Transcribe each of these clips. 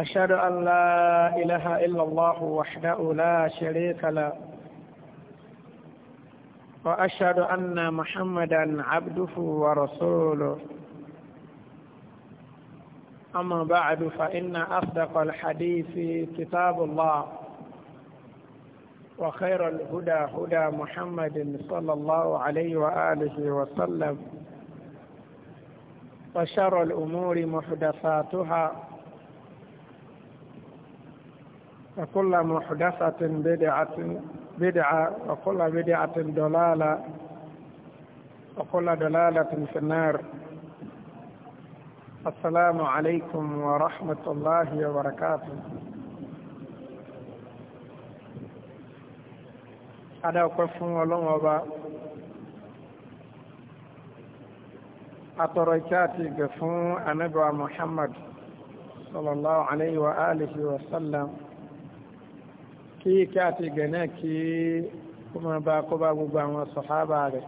أشهد أن لا إله إلا الله وحده لا شريك له وأشهد أن محمدا عبده ورسوله أما بعد فإن أصدق الحديث كتاب الله وخير الهدى هدى محمد صلى الله عليه وآله وسلم وشر الأمور محدثاتها وكل محدثة بدعة بدعة وكل بدعة ضلالة وكل ضلالة في النار السلام عليكم ورحمة الله وبركاته أنا أقف ولو أبا أتركاتي قفون أنبوى محمد صلى الله عليه وآله وسلم kí kí àti gẹ̀nẹ́ kí ó máa bá kó bá gbogbo àwọn sọ̀hábà rẹ̀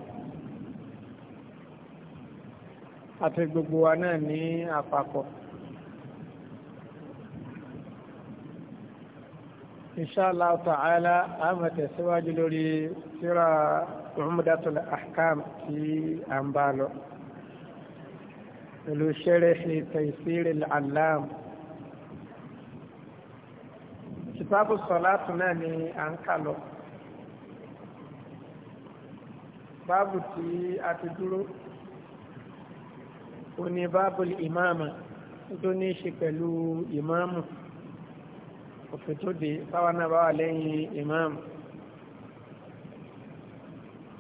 àti gbogbo wa náà ní àpapọ̀ inshallah ta'ala a máa tẹ̀síwájú lórí síra Umdatul Ahkam tí a ń bá lọ pẹ̀lú Sharh Taysir al-Allam kìtàbù sọ̀láàtù náà ni à ń kà lọ báàbù tí a ti dúró ó ní báàbù ìmáàmù tó ní í ṣe pẹ̀lú ìmáàmù òfin tó dé báwa náà báwa lẹ́yìn ìmáàmù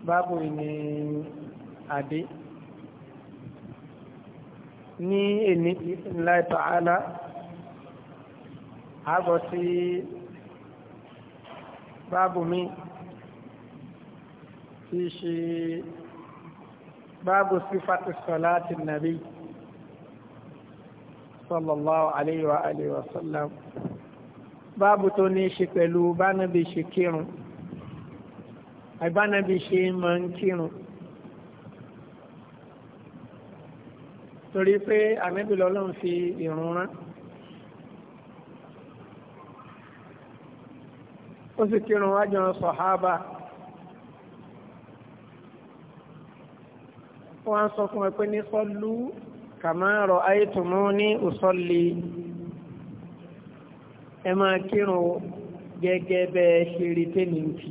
báàbù ní àdé ní èní ìfìnlá ta'ala àgọ́ sí báàbù mi tí í ṣe báàbù sífàtì sọ̀láàtì nàbí sallallahu alayhi wa alihi wa sallam báàbù tó ní ṣe pẹ̀lú bánabi ṣe kírun àbánabi ṣe máa ń kírun torí pé ànábì fi ìrun rán. ó sì kírun wájú àwọn sọ̀hábà wọ́n á sọ fún ẹ pé ní sọ́lú kàmáàrọ̀ ayétùmú ní òsọ́lì ẹ máa kírun gẹ́gẹ́ bẹ́ẹ̀ ṣe rí tẹ́lẹ̀ǹtì.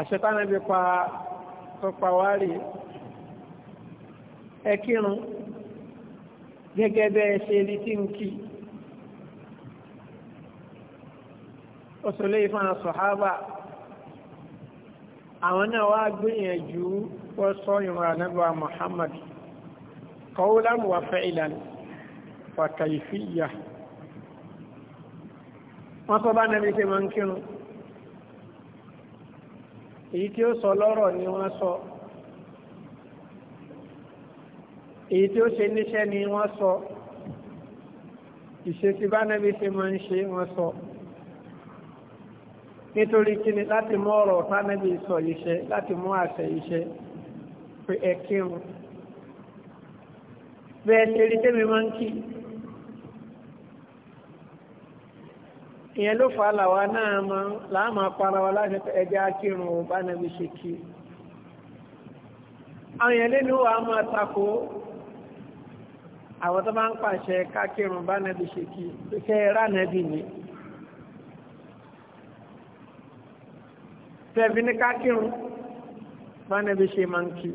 àṣetánà bí pa tọpa wárì ẹ kírun gẹ́gẹ́ bẹ́ẹ̀ ṣe rí tẹ́lẹ̀ǹtì. òṣèlú ìfún àṣọ̀hábà àwọn náà wá gbìyànjú wọ́n sọ ìwọ̀n ànábà Muhammad qawlan wa fi'lan wa kayfiyya wọ́n sọ bá nàbí ṣe máa ń kírun èyí tí ó sọ lọ́rọ̀ ni wọ́n sọ èyí tí ó ṣe níṣẹ́ ni wọ́n sọ ìṣesí bá nàbí ṣe máa ń ṣe wọ́n sọ. So. nítorí kíni láti mú ọ̀rọ̀ tánẹ́bí sọ iṣẹ́ láti mú àṣẹ iṣẹ́ pé ẹ kírun bẹ́ẹ̀ ṣe rí tẹ́mi máa ń kí ìyẹn ló fà á làwa náà máa láàmà para wa láti ẹjẹ́ akírun ò bá nàbí ṣe kí àwọn èèyàn lẹ́nu wa máa tako àwọn tó bá ń pàṣẹ kákírun bá nàbí ṣe kí pé kẹ́ rà nàbí ni. tẹ̀bí ní kákírun fánẹ́bí ṣe máa ń kí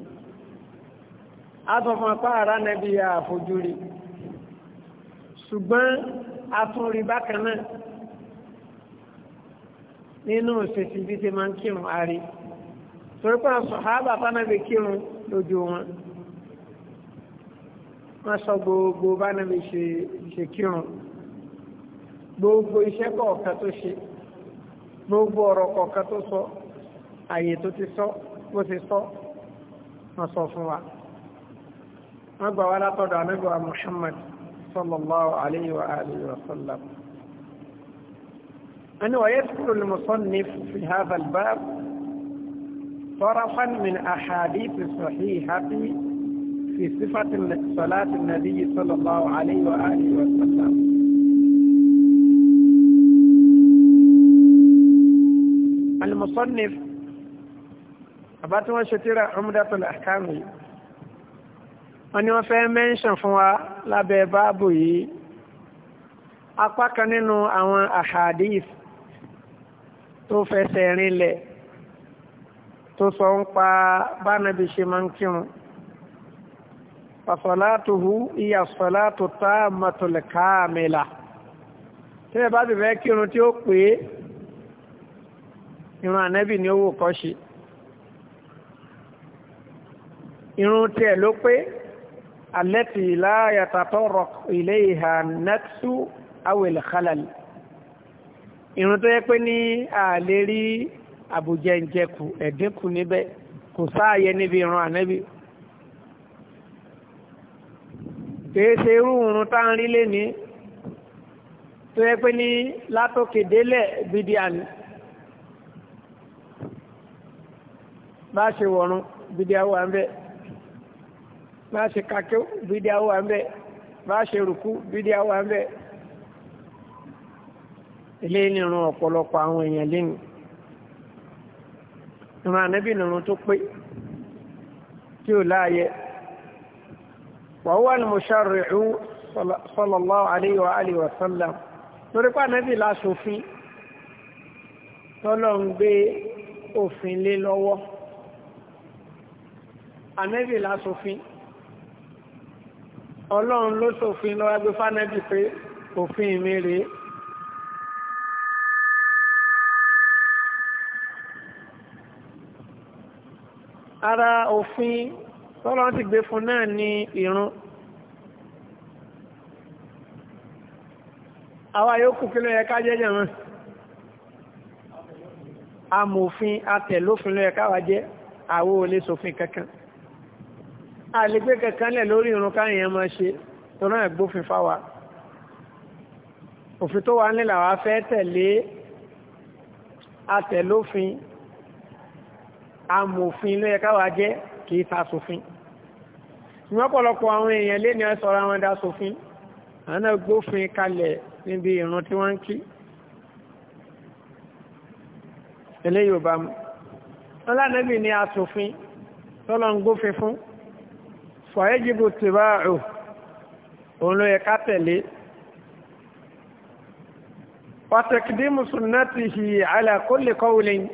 àtọ̀fọ̀n pa ara nẹ́bí àfojú rí ṣùgbọ́n atúnrí bákan náà nínú òṣèṣì bí ti máa ń kírun àrí torí pé sàhábà fánẹ́bí kírun lójú wọn wọ́n sọ gbogbo bánẹ́bí ṣe kírun gbogbo iṣẹ́ kọ̀ọ̀kan tó ṣe gbogbo ọ̀rọ̀ kọ̀ọ̀kan tó sọ. So. àyè tó ti sọ bó ti sọ wọ́n sọ fún wa wọ́n gbà wá látọ̀dọ̀ anábíwá Muhammad sallallahu alayhi wa alihi wa sallam أنه يذكر المصنف في هذا الباب طرفا من أحاديث صحيحة في صفة صلاة النبي صلى الله عليه وآله وسلم المصنف bàbá tí wọ́n ṣe tíra Umdatul Ahkam yìí wọ́n ní wọ́n fẹ́ mẹ́ńṣàn fún wa lábẹ́ báàbù yìí apá kan nínú àwọn ahadith tó fẹsẹ̀ rinlẹ̀ tó sọ ń pa bánàbí ṣe máa ń kírun fasolatuhu iya solatu tammatul kamila tí ẹ bá ti kírun tí ó pé irun ànábì ni ó wò kọ́ ṣe irun tiẹ̀ ló pé alẹ́tì láyàtàtọ̀rọ̀ ilé ìhà nẹ́tù awèlẹ̀ khalal irun tó yẹ pé ní àlè rí àbújẹ̀ǹjẹ̀kù ẹ̀dínkù níbẹ̀ kò sáàyẹ níbi ìran ànẹ́bí kìí ṣe irú irun tá ń rí léni tó yẹ pé ní látòkè délẹ̀ bídíàní bá ṣe wọ̀run bídíà wà ń bẹ́ẹ̀ bá ṣe kakẹ́ bídíà wà ń bẹ̀ bá ṣe rùkú bídíà wà ń bẹ̀ ilé nírun ọ̀pọ̀lọpọ̀ àwọn èèyàn lẹ́nu ìrun ànábì nírun tó pé tí ò láàyè wàhúwà ni mo ṣàrò ìhú sallallahu alayhi wa alihi torí pé ànábì láṣòfin tọ́lọ̀ ń gbé òfin lé lọ́wọ́ ànábì láṣòfin ọlọ́run ló ṣòfin lọ́wọ́ gbé fánẹ́bì pé òfin mi rèé ara òfin tọ́lọ́run ti gbé fún náà ní ìrun àwa yòókù kí ló yẹ ká jẹ́ jẹ̀mọ́ amòfin atẹ̀lófin ló yẹ káwa jẹ́ àwo ò lè ṣòfin kankan a lè gbé kankanlẹ̀ lórí irun káyẹn máa ṣe tọ́nà ẹ̀gbófin fáwa òfin tó wà nílà wá fẹ́ tẹ̀lé atẹ̀lófin amòfin ló yẹ káwà jẹ́ kìí ta sófin ìwọ́n pọ̀lọpọ̀ àwọn èèyàn lé ní ọ̀sọ̀rọ̀ àwọn ẹ̀dá sófin àwọn ẹgbófin kalẹ̀ níbi ìrun tí wọ́n ń kí eléyìí ò bá mu ọlànàbì ni asòfin tọ́lọ́ ń gbófin fún fàájìbò tí bá rò òun ló yẹ ká tẹ̀lé pàtàkìdí mùsùlùmí hì alákólè kọ́wulẹ̀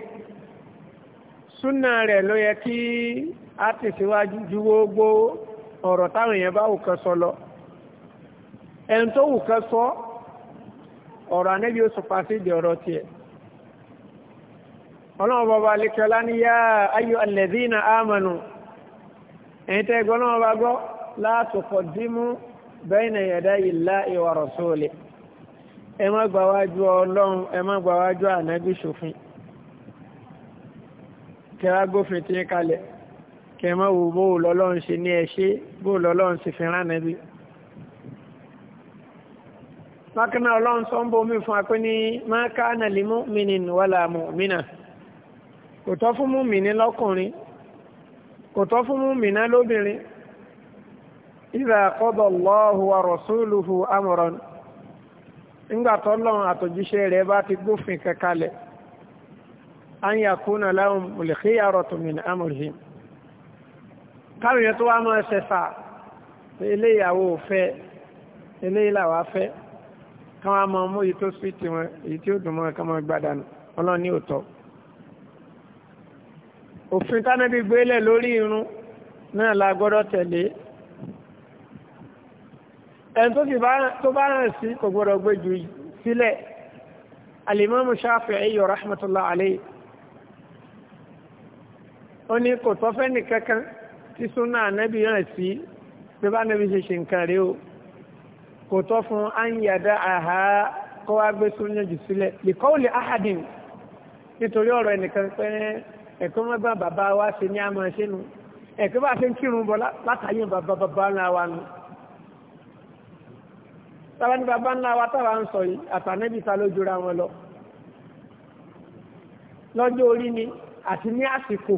súnà rẹ̀ ló yẹ kí a ti síwájú ju gbogbo ọ̀rọ̀ táwọn èèyàn bá wù kan sọ lọ ẹni tó wù kan sọ ọ̀rọ̀ anẹ́bí ó sọ pàṣẹ ìdí ọ̀rọ̀ tiẹ̀ ọlọ́run bàbá alẹ́kẹ́ọ́lá ní yá ayọ̀ alẹ́dínà ámànù ẹ̀yin tẹ́ gbọ́ náà bá gbọ́ la tuqaddimu bayna yadayi llahi wa rasulihi ẹ má gbà wájú ọlọ́run ẹ má gbà wájú ànábì ṣòfin kẹwàá gbófin tí ń kalẹ̀ kẹmọ́ wo bóò lọ́lọ́run ṣe ní ẹṣẹ́ bóò lọ́lọ́run ṣe fi rán nàbí mákànnà ọlọ́run sọ ń bó fún apẹ́ ní mákànnà lè mu'minin wala mu'mina kò tọ́ fún mu'minin lọ́kùnrin kò tọ́ fún múmìnà lóbìnrin ìlà qada Allahu wa rasuluhu amran nígbà tọ́lọ́run àtòjíṣẹ́ rẹ̀ bá ti gbófin kankalẹ̀ an yakuna lahum al-khiyaratu min amrihim káwọn yẹn tó wá mọ́ ẹsẹ̀ fà eléyàwó fẹ́ eléyìí fẹ́ káwọn mọ́ mú èyí tí ó dùn mọ́ ẹ̀ mọ́ gbádànù ọlọ́run ní òfin tánàbí gbélẹ̀ lórí irun náà la gbọ́dọ̀ tẹ̀lé ẹni tó sì bá rán sí kò gbọ́dọ̀ gbé jù sílẹ̀ alimami Shafi'i yọ rahmatullah alayhi ó ní kò tọ́fẹ́ nìkankan tí súnà ànábì rán sí pé bá ànábì ṣe ṣe nǹkan rí o kò tọ́ fún ányàdá àhá kó gbé súnà jù sílẹ̀ nítorí ọ̀rọ̀ ẹnìkan pẹ́ẹ́ ẹ̀kọ́ mọ́gbà bàbá wa ṣe ní àmọ́ ṣe nu ẹ̀kọ́ bá ṣe ń kírun bọ̀ látàyè bàbá bàbá ńlá wa nu tàbá ní bàbá ńlá wa tàbá ń sọ yìí àtànẹ́bí ta ló jura wọn lọ lọ́jọ́ orí ni àti ní àsìkò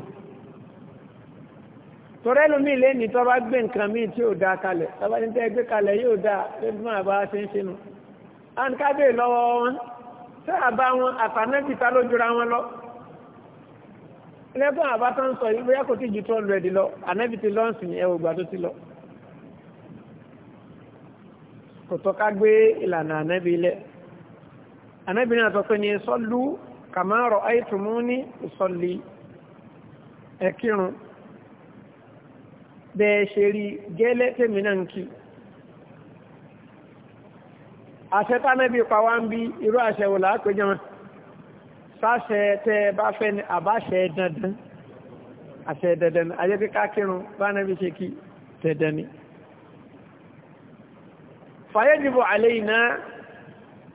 torẹ́ lómi lẹ́ni tó bá gbé nǹkan míì tí ò dáa kalẹ̀ tọ́ba ní tẹ́ gbé kalẹ̀ yóò dáa lójú máa ṣe ń ṣinú àǹkábè lọ́wọ́ wọn tẹ́ àbá wọn àtànẹ́bí ta wọn lọ lẹ́gbọ́n àbátan sọ yìí bóyá kò tí ju two hundred lọ ànábì ti lọ́ọ̀sì ní ẹwọ̀ ìgbà tó ti lọ. kò tọ́ ká gbé ìlànà ànábì ilẹ̀ ànábì náà sọ pé ní sọ́lú kàmáàrọ̀ àìtùmú ní ìsọ̀lì ẹ̀kírun bẹ́ẹ̀ ṣe rí gẹ́lẹ́ tèmi náà ń kí àṣẹ tánábì pa wá ń bí irú àṣẹ wò láàpéjọ́ náà sáṣẹ tẹ́ bá fẹ́ ní àbáṣẹ dandan àṣẹ dandan ayé pé kákírun bá nábi ṣe kí dandan ni fàyẹ́jìbò àlẹ́ iná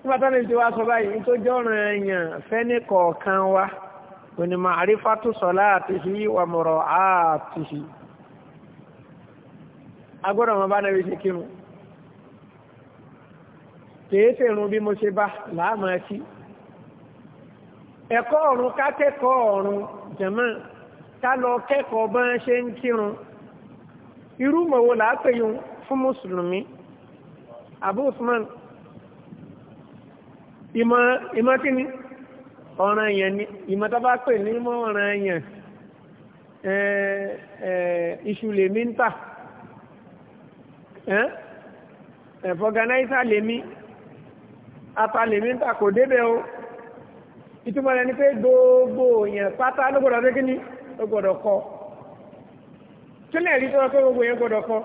nígbàtánà ìjọba sọ báyìí tó jọ́ràn èèyàn fẹ́ ní kọ̀ọ̀kan wa onímọ̀ àrífàtú sọ̀lá àtìṣí wà mọ̀rọ̀ àtìṣí agbọ́dọ̀ mọ̀ bá nábi ṣe kírun kèé bí mo ṣe bá láàmú ẹkí ẹ̀kọ́ ọ̀run ká ọ̀run jẹ̀mọ́ ká lọ kẹ́kọ̀ọ́ bá ń ṣe ń kírun irú mọ̀wó làápẹ̀yìn fún mùsùlùmí abu usman ìmọ̀ ni ọ̀ràn èèyàn ni ìmọ̀ tó bá pè ní mọ́ ọ̀ràn èèyàn iṣu lèmi ń tà kò débẹ̀ ìtumọ̀ rẹ̀ ni pé gbogbo èèyàn pátá ló gbọ́dọ̀ dé kíní ló gbọ́dọ̀ kọ kí lè rí tó wọ́n pé gbogbo èèyàn gbọ́dọ̀ kọ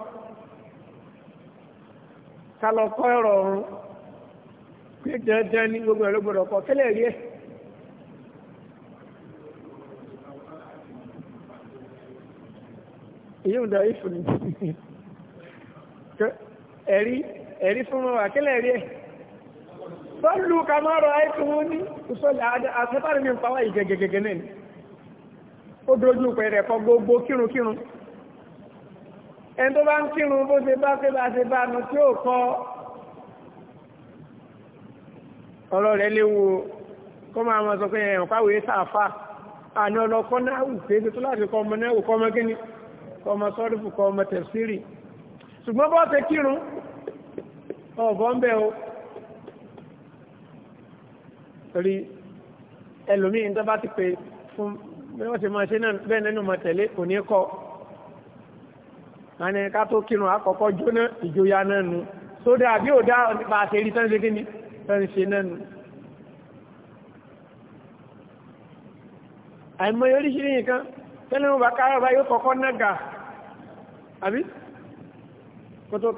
ká lọ kọ́ ẹ̀rọ ọ̀run pé dandan ní gbogbo èèyàn ló gbọ́dọ̀ kọ kí lè rí ẹ̀. èyí ń da ìfún ẹ̀rí ẹ̀rí fún wa kí lè rí ẹ̀ sọ́lù kàmọ́rọ̀ àìkúrú ní ìsọ́lù àṣẹ́tàrí ní pàwà ìgẹ̀gẹ̀gẹ̀ náà ni ó dójú pẹ̀rẹ̀ kọ gbogbo kírunkírun ẹn tó bá ń kírun bó ṣe bá ṣe bá ṣe bá nu tí ó kọ ọ̀rọ̀ rẹ̀ léwu kó máa mọ̀ sọ pé ẹ̀yàn pàwé sàfà àní ọlọ́kọ́ náà wù pé tó láti kọ ọmọ náà wù kọ́ ọmọ gíní kọ ọmọ sọ́rífù kọ ọmọ tẹ̀sírì ṣùgbọ́n bọ́ ṣe kírun ọ̀bọ̀ ń bẹ̀ o torí ẹlòmíín tó bá ti pè fún bí wọ́n ti máa ṣe náà bẹ́ẹ̀ nínú máa tẹ̀lé kò ní kọ́ àní ká tó kírun àkọ́kọ́ jóná ìjòyà náà nu sódà àbí ò dá bá a ṣe rí tán ṣe kí ni tán ṣe náà nu. àìmọye oríṣiríṣi nǹkan tẹ́lẹ̀ wọn bá káyọ̀ bá yóò kọ́kọ́ nága àbí kótó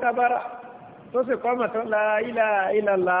kábára tó sì kọ́ mọ̀tọ́ la ilà ilà la.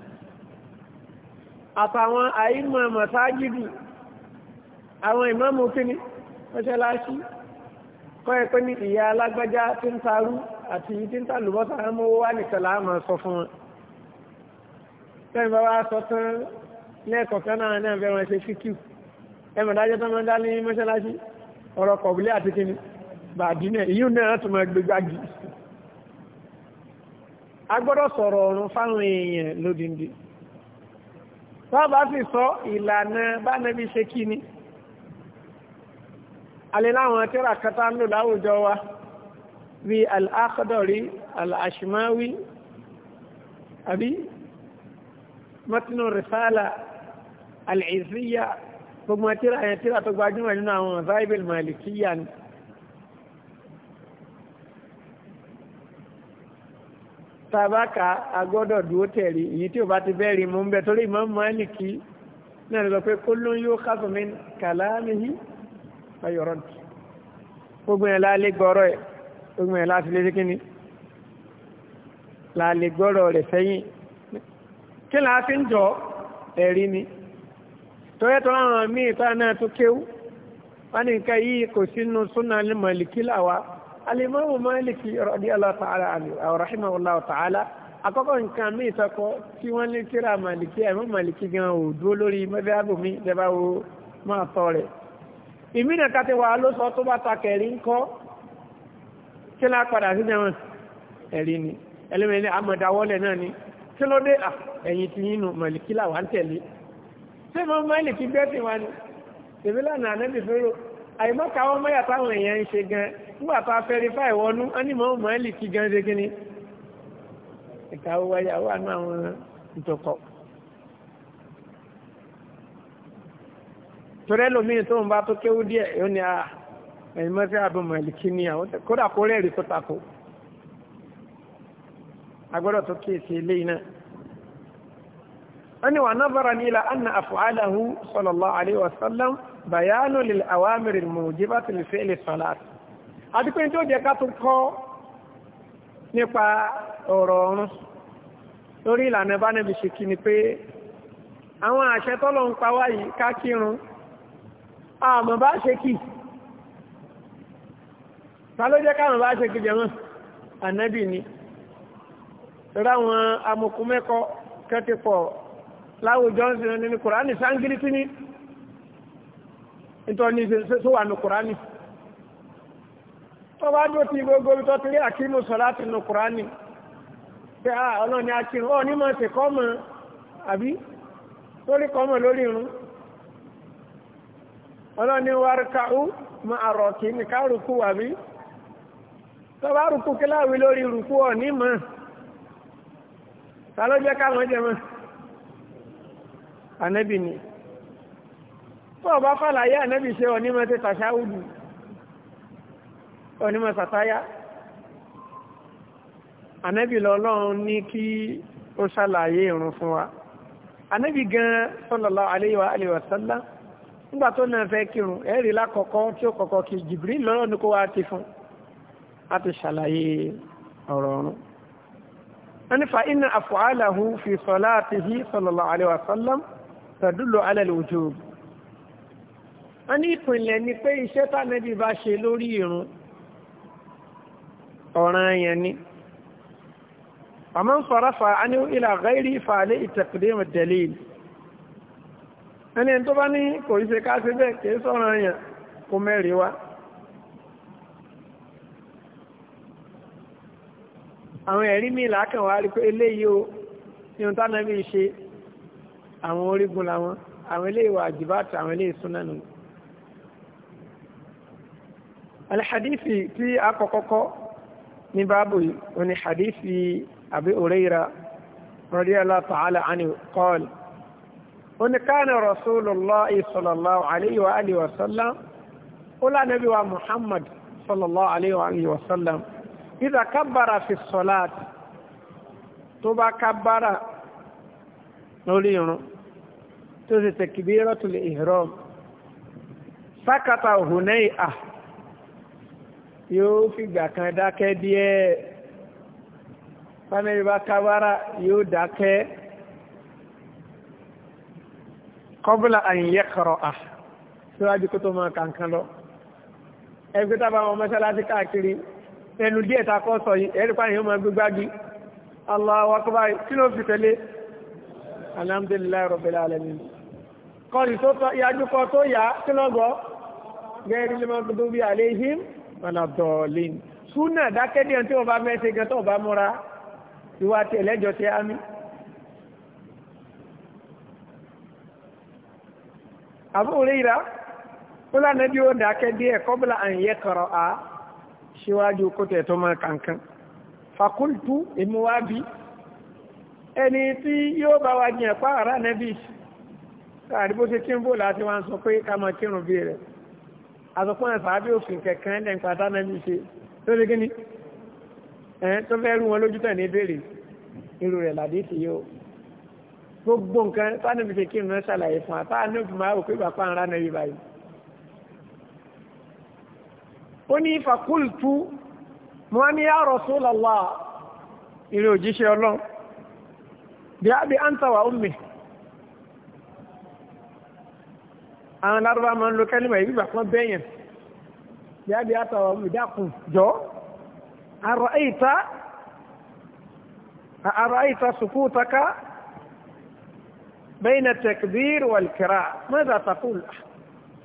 àtàwọn àìmọ̀ mọ̀sájìdì àwọn ìmọ̀mù kíní mọ́ṣáláṣí kọ́ ẹ pé ní ìyá alágbájá tí ń tarú àti tí ń tàlùbọ́sà mọ́wọ́ wá nìkan láàmà sọ fún wọn tẹ́yìn bá wá sọ tán lẹ́ẹ̀kọ̀ọ̀kan náà ní àbẹ̀ wọn ṣe fíkìú ẹmọ̀ dájọ́ tó máa ń dá ní mọ́ṣáláṣí ọ̀rọ̀ kọ̀bílé àti kíní bàdínẹ̀ ìyí tọ́ọ̀bá sì sọ ìlànà bá nẹ́bí ṣe kí ni aléláwọn tíra kata ń lò láwùjọ wa bí al'akadọ̀rí al'ashimawi àbí matinu risala al'izriya gbogbo tíra yẹn tíra tó gbajúmọ̀ nínú àwọn zaibel malikiya ni tàbákà agbọ́dọ̀ dúró tẹ̀lé èyí tí ò bá ti bẹ́ẹ̀ rí mú bẹ́ẹ̀ torí Imam Maliki náà lọ pé kó ló ń yóò káfù mí kàlámìhí ayọ̀rọ̀ nù gbogbo yẹn láà lè gbọ́rọ̀ ẹ̀ gbogbo yẹn láti lè kíni láà gbọ́rọ̀ rẹ̀ sẹ́yìn kí là á fi ń jọ ẹ̀rí ni torí ẹ̀tọ́ láwọn míì tá náà tó kéwú wọn ni nǹkan yìí kò sínú súnà Maliki làwa alimọ́wò Málìkì radiyallahu ta'ala anhu rahimahullahu ta'ala àkọ́kọ́ nǹkan mí ìtọ́kọ́ tí wọ́n ní kíra Málìkì ẹ̀mọ́ Málìkì gan ò dúró lórí mẹ́fẹ́ábù mi jẹba wo máa tọ́ rẹ̀ ìmínà kàtí wà ló sọ tó bá ta kẹ̀rí ń kọ́ kí lá padà sí jẹun ẹ̀rí ni ẹlẹ́mẹ̀ẹ́ni amọ̀dáwọ́lẹ̀ náà ni kí ló dé ẹ̀yìn tí yínú Málìkì làwọn tẹ̀lé ṣé mọ́ Málìkì bẹ́ẹ̀ àìmọ́ka wọn mọ́yà táwọn èèyàn ń ṣe gan nígbà tá a fẹ́rí fáì wọnú ánìmọ́ mọ́ẹ́lì kí gan ṣe kí ni ìka owó ẹ̀yà wà ní àwọn ìtòkọ̀. torí ẹlòmíì tó ń bá tó kéwú díẹ̀ yóò ní a ah, ẹ̀yìnmọ́ sí àbọ̀ mọ́ẹ́lì kí ni àwọn kódà kó rẹ́ẹ̀rí tó takò agbọ́dọ̀ tó kíyèsí eléyìí náà wọ́n náà bára ní ilà anna àfọ̀ bayanu lil awamiri mujibati lil fi'li salat adipe njo jẹ́ ká tún kọ́ nípa ọ̀rọ̀ ọ̀run lórí ìlànà bá nabi ṣe kíni pé àwọn àṣẹ tọ́lọ̀ ń pa wá yìí ká kírun àmọ́ bá ṣe kì ta ló jẹ́ káàmù bá ṣe kì jẹ́mọ́ ànábì ni ráwọn amòkúmẹ́kọ kẹ́tìpọ̀ láwùjọ́ ń sinmi ní kùránì sáńgírí tí ní nítorí ṣe wà ní kùránì tó bá dó ti gbogbo tó ti rí àkínú sọ láti ní kùránì pé à ọlọ́ni akínú ọ ní máa ti kọ́mọ àbí lórí kọ́mọ lórí irun ọlọ́ni wárúkàú ma àrọ̀kì ní ká àbí tó bá rùkú kíláàwí lórí rùkú ọ ní máa ta káwọn jẹ mọ́ ànẹ́bì tó ọba fàlàyé ànábì ṣe onímọ̀ ti tàṣáwùdù onímọ̀ sàtáyá ànábì lọ́lọ́run ní kí ó ṣàlàyé ìrun fún wa ànábì gan sallallahu alayhi wa alihi wa sallam nígbà tó náà fẹ́ kírun ẹ̀rí lákọ̀ọ́kọ́ tí ó kọ̀kọ́ kí Jibril lọ́rọ̀ ní kó wá ti fún láti ṣàlàyé ọ̀rọ̀ ọ̀run wọ́n fa inna af'alahu fi salatihi sallallahu alayhi wa sallam tadullu ala al wọ́n ní ìpìnlẹ̀ ni pé iṣẹ́ tánẹ́bí bá ṣe lórí irun ọ̀ràn yẹn ni àmọ́ ń farafa a ní ilà gáírí ìfààlẹ́ ìtẹ̀kùdé mọ̀tẹ̀lẹ́ ẹni tó bá ní kò ṣe ká bẹ́ẹ̀ kìí sọ̀rọ̀ yẹn kó mẹ́rin wá àwọn ẹ̀rí mi làákàn wá rí pé eléyìí o ihun tánẹ́bí ṣe àwọn orígun làwọn àwọn eléyìí wà jìbáàtì àwọn eléyìí súnánù alhadithi tí a kọ́kọ́kọ́ ní báàbù yìí ni hadithi abi ureira radiyallahu ta'ala anhu qala ó ní káàní rasulullah sallallahu alayhi wa alihi wa sallam ó lánàbí wa muhammad sallallahu alayhi wa alihi wa sallam idha kabbara fi salat tó bá kabbara lórí irun tó sì takbiratul ihram sakata hunay'ah yóò fìgbà kan dákẹ́ díẹ̀ fánẹ́bí bá kábára yóò dákẹ́ kọ́bùlà àyìnyẹ́ kọ̀rọ̀ à síwájú kó tó máa kankan lọ ẹgbẹ́ tábà wọn mọ́ṣáláṣí káàkiri ẹnu díẹ̀ ta kọ́ sọ yìí ẹ̀rí pààyàn yóò máa gbégbági Allahu akbar kí ló fi tẹ̀lé alhamdulillahi rabbil alamin kọ́ni tó yájú kọ́ tó yá kí lọ́gọ́ gẹ́gẹ́ lè máa gbogbo bí àléhìn wala dọ̀ọ̀lìn súnà dákẹ́dẹ́ tí wọ́n bá mẹ́sẹ̀ gan tó bá múra ìwà tẹ̀lẹ́jọ tẹ ámì àbúrò ìrà ó lànà bí ó dákẹ́dẹ́ kọ́bùlà àyẹ́ kọ̀rọ̀ á síwájú kótó ẹ̀tọ́ máa kankan fakultu ìmúwábí ẹni tí yóò bá wa jìn ẹ̀pá àrà nẹ́bí àdìbò ti kí ń bò sọ pé ká máa bí rẹ̀ àsọpọ̀ ẹ̀fà bí òfin kẹ̀kẹ́ ẹ̀ ń pàtà náà ní ṣe tó lé gíní ẹ̀ tó fẹ́ rú wọn lójú tẹ̀ ní ìbéèrè irú rẹ̀ làdí ti yóò gbogbo nǹkan táwọn ibi kí nǹkan ṣàlàyé fún wa táwọn ibi máa wò pé bàbá ń ránà yìí báyìí. ó ní fàkúlùtù wọn ní ya Rasulullah ìrè òjíṣẹ́ ọlọ́run bí a bí àǹtàwà ó mìíràn àwọn lárúbá máa ń lo kẹ́lìmọ̀ yìí bíbà kan bẹ́yẹn yáàbí àtàwọn olùdákùn jọ àrọ̀ àyíta àrọ̀ àyíta sùkúùtaka bẹ́yìnà tẹ̀kbír wàlkìrà mọ́ta takùl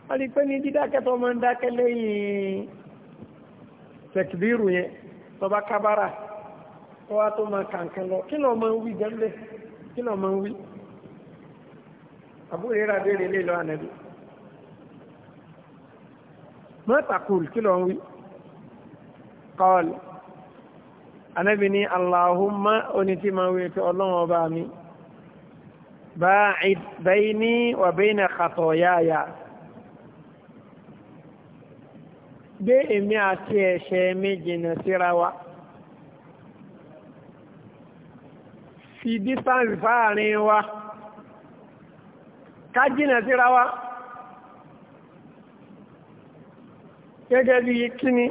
wọ́n ti ah, pé ní dídákẹ́ tó máa ń dákẹ́ lẹ́yìn tẹ̀kbíru yẹn tó bá kábàrà tó tó máa kàǹkan lọ kí lọ́ọ́ máa ń wí gẹ́lẹ́ kí àbúrò yẹn rà bẹ́ẹ̀ lé ما تقول كلهم قال أنا بني اللهم أنتي ما ويت الله وبامي باعد بيني وبين خطاياي gbé èmi àti ẹ̀ṣẹ̀ mi jìnà síra wa fi distance fáàrin wa ká jìnà síra wa gẹ́gẹ́ bí kíni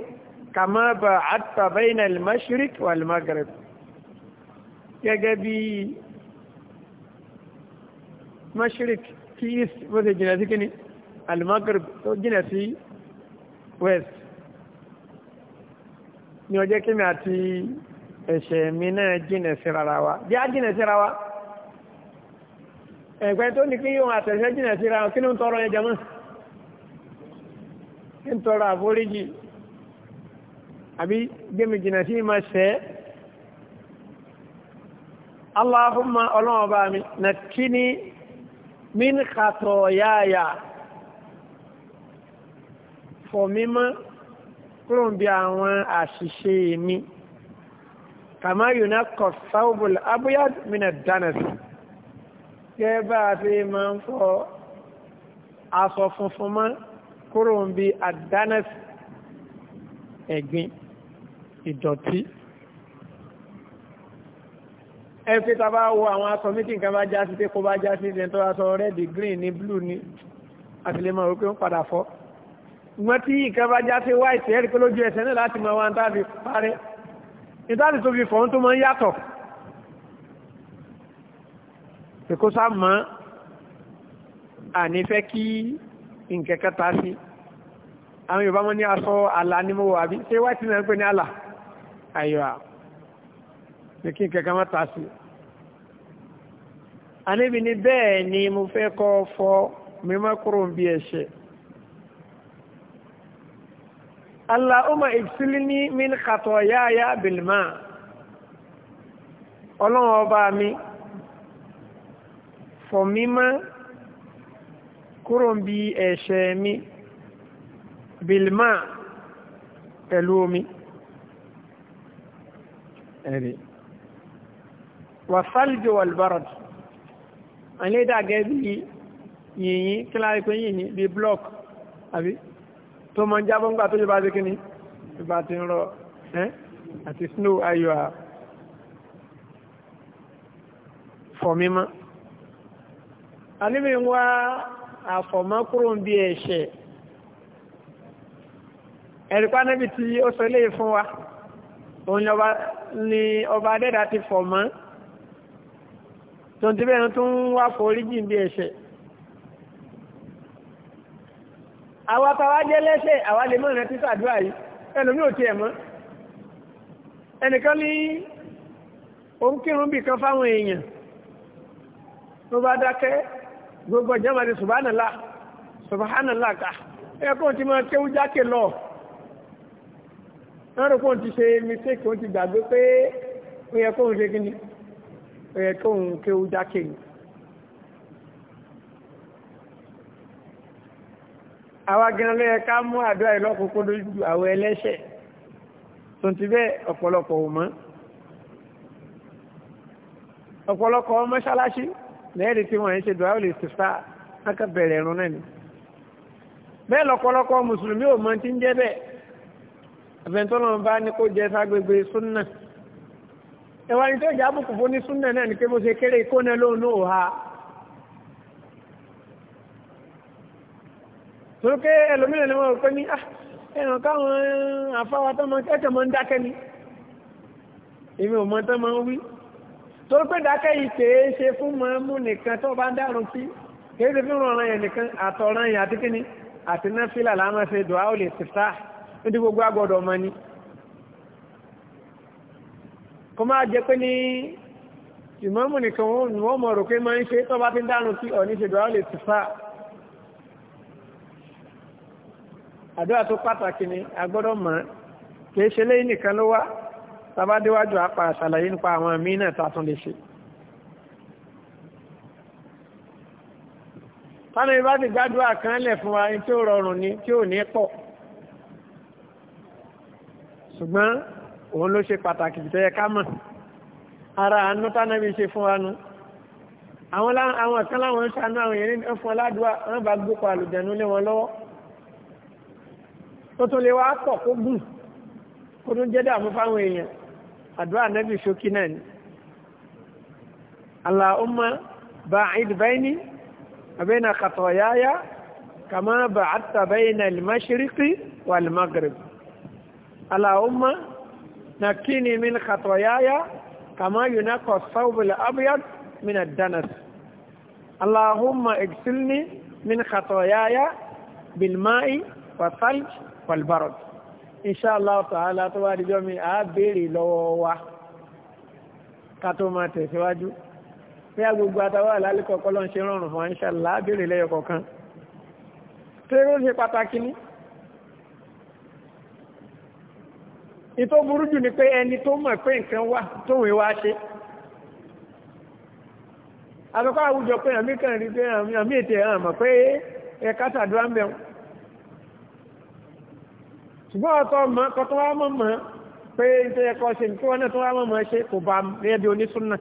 kàmá bá àtàbẹ́yìn al-mashriq wal-maghrib gẹ́gẹ́ bí mashriq tí east bó ṣe jìnà sí kíni al-maghrib tó jìnà sí west ni ọjọ́ kí mi àti ẹ̀ṣẹ̀ mi náà jìnà sí rárá wa bí a jìnà sí rárá wa ẹ̀gbẹ́ tó ní kí yóò àtẹ̀ṣẹ́ jìnà sí rárá kí ló ń tọrọ ẹjẹ mọ́ in tọrọ àforíjì àbí gbẹ̀mí jina sí máa ṣẹ́ Allahumma ọlọ́wọ́ bá mi na kí min kàtọ̀ yáyà fọ̀ mímọ́ kúrò bí àwọn àṣìṣe mi kama yuna kọ̀ sáwùbùl abúyád mínà dánàsì gẹ́gẹ́ bá a fi máa ń fọ funfun mọ́ kúrò ń bi àdánẹ́sì ẹ̀gbin ìdọ̀tí ẹ̀fí tàbá wo àwọn aṣọ mítí nǹkan bá já sí pé kó bá já sí ilẹ̀ tó aṣọ rẹ́dì green ni blue ní àtìlẹ́mọ̀ wípé ń padà fọ́ ìwọ́n tí nǹkan bá já sí white ẹ̀rí pé lójú ẹsẹ̀ náà láti mọ wa ń tàbí parẹ́ ìtàbí tó fi fọ́ ń tó mọ́ ń yàtọ̀ pé kó sá mọ́ kí nǹkan kẹta sí i àwọn yorùbá mọ́ ní aṣọ àlà ní mọ́wọ́ àbí ṣé wáyé tí náà ń pè ní àlà àyọ̀à ní kí n kẹ̀kẹ́ má ta sí àníbi ni bẹ́ẹ̀ ni mo fẹ́ kọ́ fọ mímọ́ kúrò ń bí ẹ̀ṣẹ̀. Allahumma ìfìlíní min khatoyaya bilma ọlọ́run ọba mi fọ mímọ́ kúrò ń bí ẹ̀ṣẹ̀ mi bilma pẹ̀lú omi ẹ̀rí wàfàlìjò wàlbárad àní ìdàgẹ́ bí yìnyín kíláàrí pé yìnyín bí block àbí tó mọ jábọ́ ńgbà tó jọba dékíní ìgbà tí ń rọ ẹ́ àti snow ayò à fọ̀ mímọ́ alíbi ń wá àfọ̀mọ́kúrò ń bí ẹ̀ṣẹ̀ ẹ̀rípa níbi tí ó sọ ilé fún wa òun ni ọba adẹ́dà ti fọ̀ mọ́ tó ń ti bẹ́ẹ̀ tó ń wá forí jìn bí ẹ̀ṣẹ̀ àwọn jẹ́ lẹ́ṣẹ̀ àwa lè mọ̀ ìrántí sàdúrà yìí ẹlòmí ò ẹ̀ mọ́ ẹnìkan ní òun kírun bì kan fáwọn èèyàn tó bá dákẹ́ gbogbo ti ká ti máa lọ́ọ̀ wọ́n rò fóun ti ṣe mistake òun ti gbàgbé pé ó yẹ kóun ṣe kíni ó yẹ kóun kéwú dákè ni. àwa gan ló yẹ ká mú àdúrà ìlọ́kùnkúndùn ju àwọn ẹlẹ́ṣẹ̀ tó ti bẹ́ẹ̀ ọ̀pọ̀lọpọ̀ ò mọ́ ọ̀pọ̀lọpọ̀ mọ́ṣáláṣí lẹ́ẹ̀rí tí wọ́n ń ṣe dùn àwọn olùsìfà wọn kà náà ni bẹ́ẹ̀ lọ́pọ̀lọpọ̀ mùsùlùmí ò mọ ti ń jẹ́ bẹ́ẹ̀ àbẹ̀ntọ́lọ́run bá ní kó jẹ ságbègbè súnnà ẹwà ní tó jẹ́ àbùkù fún ní súnnà náà ní pé mo ṣe kéré ìkóná lóhun náà ha torí pé ẹlòmíràn ni wọ́n pẹ́ ní ah, ẹ̀ràn káwọn afáwa tó mọ ẹ̀tẹ̀ mọ́ ń dákẹ́ ni èmi ò mọ tó mọ ń wí torí pé dákẹ́ yìí kèé ṣe fún mọ́ mú nìkan tó bá dárun kí kèé fún ọ̀ràn yẹn nìkan àtọ̀ràn yẹn àti kíni àti náfìlà láwọn ṣe dùn á ò nítorí gbogbo agbọ́dọ̀ mọ̀ ni kọ máa jẹ pé ní ìmọ̀mù nìkan wọ́n mọ̀ rò pé máa ń ṣe tó bá ti ń dánù tí ọ̀ní ṣe ti fà àdúrà tó pàtàkì ni agbọ́dọ̀ mọ̀ kìí ṣe lẹ́yìn nìkan ló wá tàbádéwájú apá àṣàlàyé nípa àwọn míì náà tá tún lè ṣe tánà ìbá ti gbádùn àkànlẹ̀ fún wa tí ó rọrùn ni tí ò ní pọ̀ ṣùgbọ́n òun ló ṣe pàtàkì tó yẹ ká mọ̀ ara àánú tánàbí ṣe fún wa nu àwọn kan láwọn ń ṣàánú àwọn èèyàn fún aládùúgbò wọn bá gbópa àlùjẹ̀nú lé wọn lọ́wọ́ tó tún lè wá pọ̀ kó gùn kó tún jẹ́ dààmú fáwọn èèyàn àdúrà nẹ́bì ṣókí náà ni Allahumma ba'id bayni bayna khataayaya kama ba'adta bayna al-mashriqi wal-maghrib Allahumma nakini min khatoyaya kama yunaqqa ath-thawb al-abyad min ad-danas Allahumma igsilni min khatoyaya bil ma'i wa thalj wal barad insha Allah ta'ala tó wá dijo mi a béèrè lọ́wọ́ wa ká tó máa tẹ̀síwájú bí a insha Allah béèrè lẹ́yọ kọ̀ọ̀kan tó yóò ṣe pàtàkì ìtò burú jù ni pé ẹni tó mọ̀ pé nǹkan wà tóun wá ṣe àtọ́kọ́ àwùjọ pé àmì kan rí pé àmì ètè hàn mọ̀ pé ẹ̀ka tàdúrà ń bẹ̀rù ṣùgbọ́n ọ̀tọ̀ mọ̀ kọ́ tó wá mọ̀ mọ̀ pé ṣe ẹ̀kọ́ ṣe ní kí wọ́n náà tó wá mọ̀ mọ̀ ṣe kò bá ẹbí onísúnnà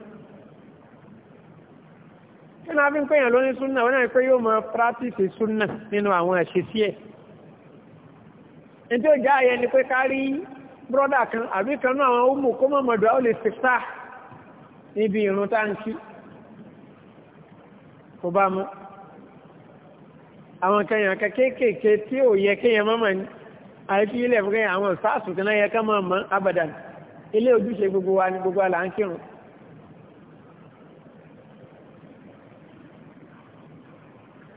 kí náà fi ń pèèyàn lóní súnnà wọ́n náà pé yóò mọ̀ pírátìsì súnnà nínú àwọn ẹ̀ṣẹ̀ sí ẹ̀ brọ́dà kan àbí kan náà àwọn ọmọ kó mọ̀ mọ̀dọ̀ ó lè sèpá níbi ìrún táǹkì kò bá mú àwọn kẹyàn kéékèèké tí ò yẹ kéyàn mọ́mọ̀ ní àìfi ilẹ̀ fún kẹyàn àwọn sáàsù tí náà yẹ ká mọ̀ mọ́ abadan ilé ojúṣe gbogbo wa ní gbogbo àlà ń kírun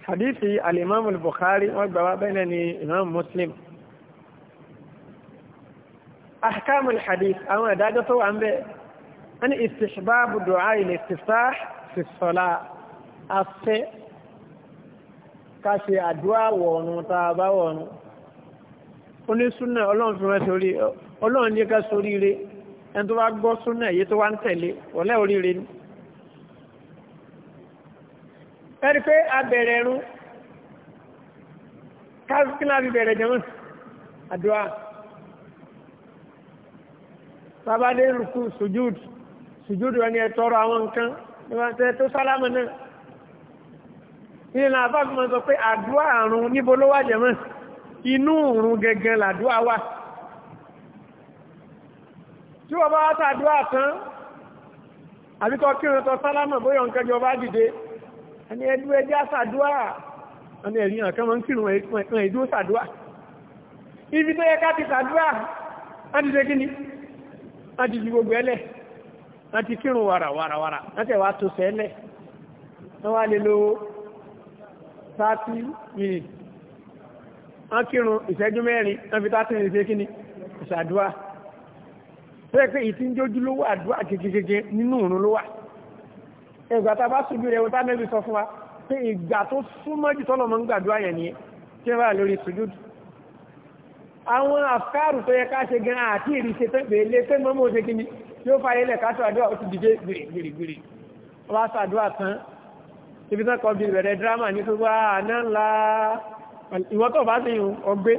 hadithi al-imam al-bukhari wọ́n gbà wá bẹ́ẹ̀ ni imam muslim أحكام الحديث أو دادته عن به أن استحباب دعاء الافتتاح في الصلاة أصي كاسي أدعاء ونطابة ون oni sunna ọlọ́run fi wọ́n sórí ọlọ́run ní ká sórí rẹ̀ ẹni tó bá gbọ́ sunna èyí tó wá ń tẹ̀lé ọ̀lẹ́ oríire ni ẹni pé a bẹ̀rẹ̀ ẹ̀rún káàkiri láti bẹ̀rẹ̀ jẹun àdúrà sábàdé rùkú sùjúd sujud, wọn ni ẹ tọrọ àwọn nǹkan ìwọ̀nsẹ̀ tó sálámù náà ìrìnà àbáfi mọ́ sọ pé àdúrà àrùn níbo ló wà jẹ̀mọ́ inú òrùn gẹ̀gẹ̀ làdúrà wà tí wọ́n bá wáta àdúrà tán àbíkọ́ kí wọ́n tọ sálámù bóyọ̀ nǹkan jọ bá dìde ẹni ẹdú ẹjẹ́ àsàdúrà ẹni ẹ̀rí hàn kán ń kírun ẹ̀dú sàdúrà ibi tó yẹ ká ti sàdúrà á dìde kí ni wọ́n ti fi gbogbo ẹlẹ̀ wọ́n ti kírun wàrà wàrà wàrà wọ́n tẹ̀ wá tó sẹ́lẹ̀ wọ́n wá lè lo 30 minutes wọ́n kírun ìṣẹ́jú mẹ́rin wọ́n fi 30 minutes kíni ìṣàdúrà pé pé ìtíjójú ló wà dúà kékeré nínú òun ló wà ẹgbà tá a bá ṣubú rẹ̀ wọ́n tá mẹ́bí sọ fún wa pé ìgbà tó súnmọ́ jù ń gbàdúrà yẹn nìyẹn tí wọ́n wà lórí sùjúdù àwọn àfikàrù tó yẹ ká ṣe gan àti ìrìṣe pẹ̀lẹ́ pé mọ́mọ́ òde kí ni tí ó fàyè lẹ̀ ká tó àdúrà ó ti dìde gbèrègbèrè wá sàdúrà tán ibi tán kọ́ bí ìbẹ̀rẹ̀ dírámà ní tó wá àná ńlá ìwọ́n tó bá ti yùn ọgbé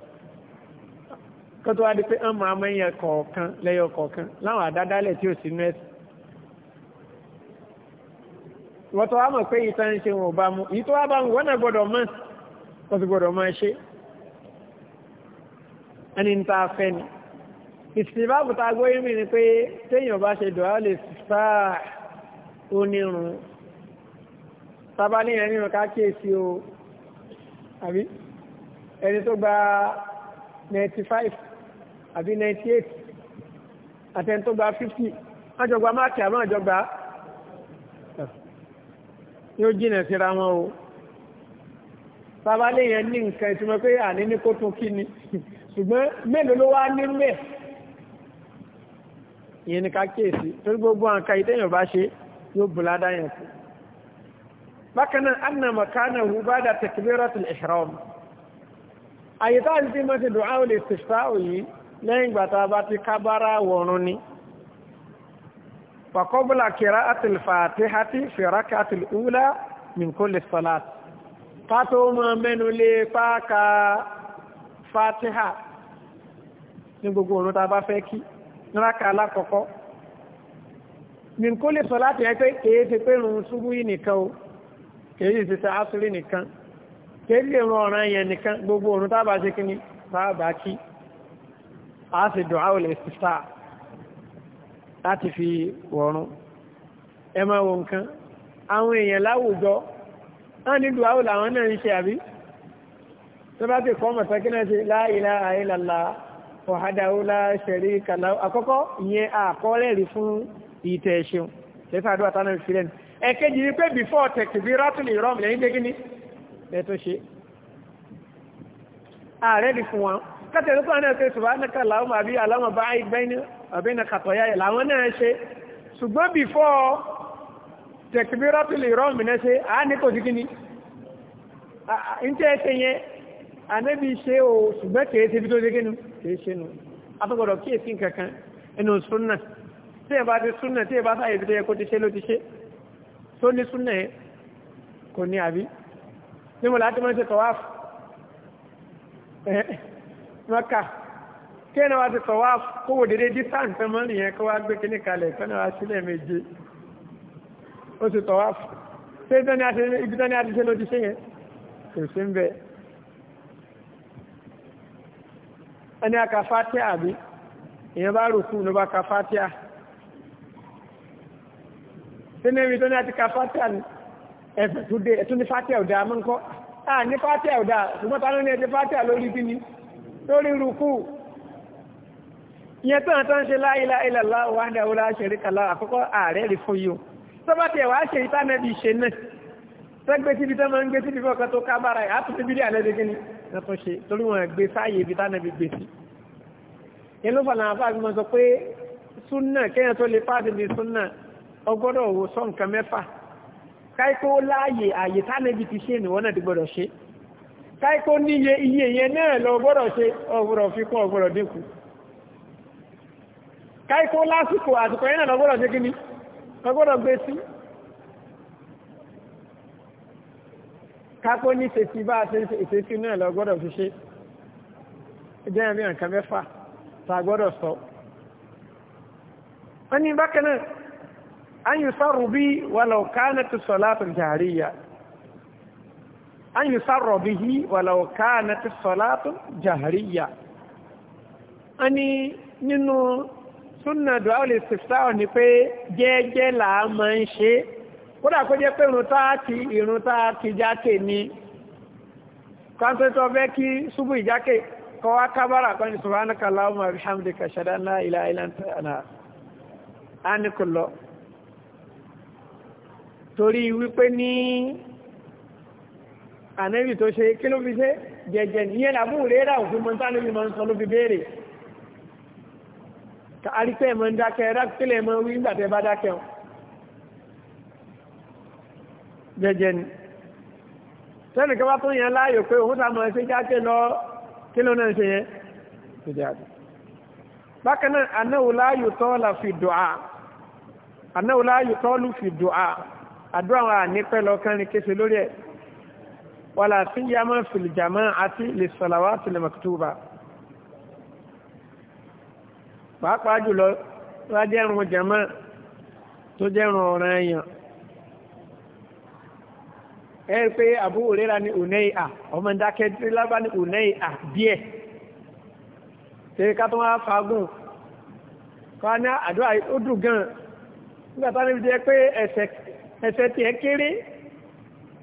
kó tó wá di pé ń mọ amẹ́yẹ kọ̀ọ̀kan lẹ́yọ kọ̀ọ̀kan láwọn àdádálẹ̀ tí ò sí nú ẹ̀sìn ìwọ́n tó wá mọ̀ pé ìtàn ń ṣe wọn ò bá mu ìyí tó wá bá mu wọ́n náà gbọ́dọ̀ mọ̀ ẹni ń ta afẹ́ ni ìsìnbáàbù tá a gbọ́ yín mi ni pé téèyàn bá ṣe dùá lè sáà onírun tábà níyàn nínú ká kíyèsí o àbí ẹni tó gba 95 àbí 98 àtẹni tó gba 50 àjọgbà máàkì àmọ́ àjọgbà yóò jìnà síra wọn o tábà níyàn ní nǹkan ìtumọ̀ pé àní ní kó tún kí ni. ṣùgbọ́n mélòó ló wá ní mẹ́ ìyẹn ni ká kíyèsí torí gbogbo àǹkà ìtẹ́yìn bá ṣe yóò bù ládáyàn kú bákanáà anna makana hu bá da takbiratul ihram àyè tá à ń tí mọ́ ti dùn áwọn lè tìṣà òyì lẹ́yìn ìgbà tá a bá ní gbogbo òru tá a bá fẹ́ kí níraka alákọ̀ọ́kọ́ min kó lè sọ láti ẹ pé kèé ti pé rùn ṣubú yìí nìkan o kèé sì ti ṣe àṣírí nìkan kèé lè rún ọ̀ràn yẹn nìkan gbogbo òru tá a bá ṣe kíní tá a bá kí a sì dùn áwòlè sísá láti fi wọ̀run ẹ máa wo nǹkan àwọn èèyàn láwùjọ náà ní dùn áwòlè àwọn náà ń ṣe àbí tó bá ti kọ́ mọ̀tọ́kí náà ṣe la ilaha illallah ọ̀hádàúlá ṣẹ̀rí kàláwó àkọ́kọ́ ìyẹn àkọọ́lẹ̀ rí fún ìtẹ̀ ẹ̀ṣẹ̀un lẹ́fà àdúrà tánà ìfìlẹ̀ nù ẹ̀kẹ́jì wípé bífọ́ tẹ̀kìbí rátùlì rọ́m lẹ́yìn dégíní lẹ́tọ́ ṣe ààrẹ rí fún wọn kátẹ̀lú kan náà ṣe ṣùgbọ́n náà kàláwó àbí aláwọ̀ bá ìgbẹ́ni àbí nà kàtọ̀yà ẹ̀ làwọn náà ṣe ṣùgbọ́n bífọ́ tẹ̀kìbí rátùlì rọ́m náà ṣe àá ní kò sí kíní ń kèé ṣe bí tó ṣe kíní kìí ṣe nù atọ́gbọ̀dọ̀ kí èsì kankan ẹnu súnà tí ẹ bá ti súnà tí ẹ bá sáyé ìbílẹ̀ kó ti ṣe ló ti ṣe tó ní súnà yẹn kò ní àbí ní mo láti máa ń ṣe tọ́wáàfù ẹ̀ mọ́kà kí ẹ̀nà wa ti tọ́wáàfù kó wò dédé distance fẹ́ mọ́ nìyẹn kó wá gbé kíní kalẹ̀ kọ́nà wa sílẹ̀ méje ó ti tọ́wáàfù ṣé ibi tán ni a ti ṣe ló ti ṣe yẹn kò sí ń bẹ́ẹ̀. ẹni aka fatia àbí èèyàn bá rò kú ló bá ka fatia sínú ibi tó ní àti ka fatia ẹ̀fẹ̀ tó dé ẹ̀tún ní fatia ò dáa mọ́ńkọ́ à ní fatia ò dáa ṣùgbọ́n ta ló ní ẹ̀tí fatia lórí kíni lórí rùkú ìyẹn tó ń ń ṣe la ilaha illallah wahdahu la sharika lahu àkọ́kọ́ ààrẹ rí fún yìí o tó bá tiẹ̀ wàá ṣe wọ́n tún ṣe torí wọn gbé sáàyè ibi tánàbí gbé sí yẹn ló fàlànà fáà bí mo sọ pé súnà kéèyàn tó lè pàdé bí súnà ọgbọ́dọ̀ wò sọ nǹkan mẹ́fà káíkó láàyè àyè tánàbí ti ṣe ìwọ́n náà ti gbọ́dọ̀ ṣe káíkó níye iye yẹn náà lọ gbọ́dọ̀ ṣe ọgbọ́dọ̀ fi kún ọgbọ́dọ̀ dínkù káíkó lásìkò àsìkò yẹn náà lọ gbọ́dọ̀ ṣe kí ni ọgbọ́dọ̀ gbé sí kápó ní ìṣesí bá ìṣesí náà lọ gbọ́dọ̀ fi ṣe jẹ́ ẹ̀mí nǹkan mẹ́fà tá a gbọ́dọ̀ sọ. wọ́n ní bákan náà anyùsọ̀rọ̀ bí walau kanat salatu jariya anyùsọ̀rọ̀ bí yí walau kanat salatu jariya. wọ́n ní nínú súnà du'a al-istifta ni pé jẹ́ẹ́jẹ́ làá máa ń ṣe kódà kó jẹ́ pé irun táà ti irun táà ti jákè ní káńtẹ́tọ́ fẹ́ kí ṣubú ìjákè kọ́ wá kábàrà kan ní subhanaka Allahumma bihamdika shada la ilaha illa anta á ní kò lọ torí wípé ní ànẹ́bì tó ṣe kí ló fi ṣe jẹjẹ níyẹn làbú rẹ́rà ń dákẹ́ rákílẹ̀ mọ́ wí bá dákẹ́ wọn jẹ́jẹ́ ni tẹ́nìkan bá tún yẹn láàyò pé òun sàmọ̀ ẹ̀sẹ̀ jáde lọ kí ló náà ṣe yẹn tó jáde bákan náà anáwó láàyò tọ́lá fi dùá anáwó láàyò tọ́lù fi dùá àdúrà wọn ànípẹ́ lọ kánrin kése lórí ẹ̀ wàlá sí yamọ́ fìlìjàmọ́ àti lè sọ̀làwà tilẹ̀ mọ̀kútùbà pàápàá jùlọ tó bá jẹ́ ìrun jàmọ́ tó jẹ́ ìrun ọ̀ràn èèyàn ẹ pé Abu Huraira ní uneia ọmọ ìdákẹ́jì lábá ní uneia díẹ̀ ṣe ká tó máa fagùn kọ́ ní àdúrà ó dùn gan nígbàtá níbi jẹ́ pé ẹsẹ̀ tí ẹ kéré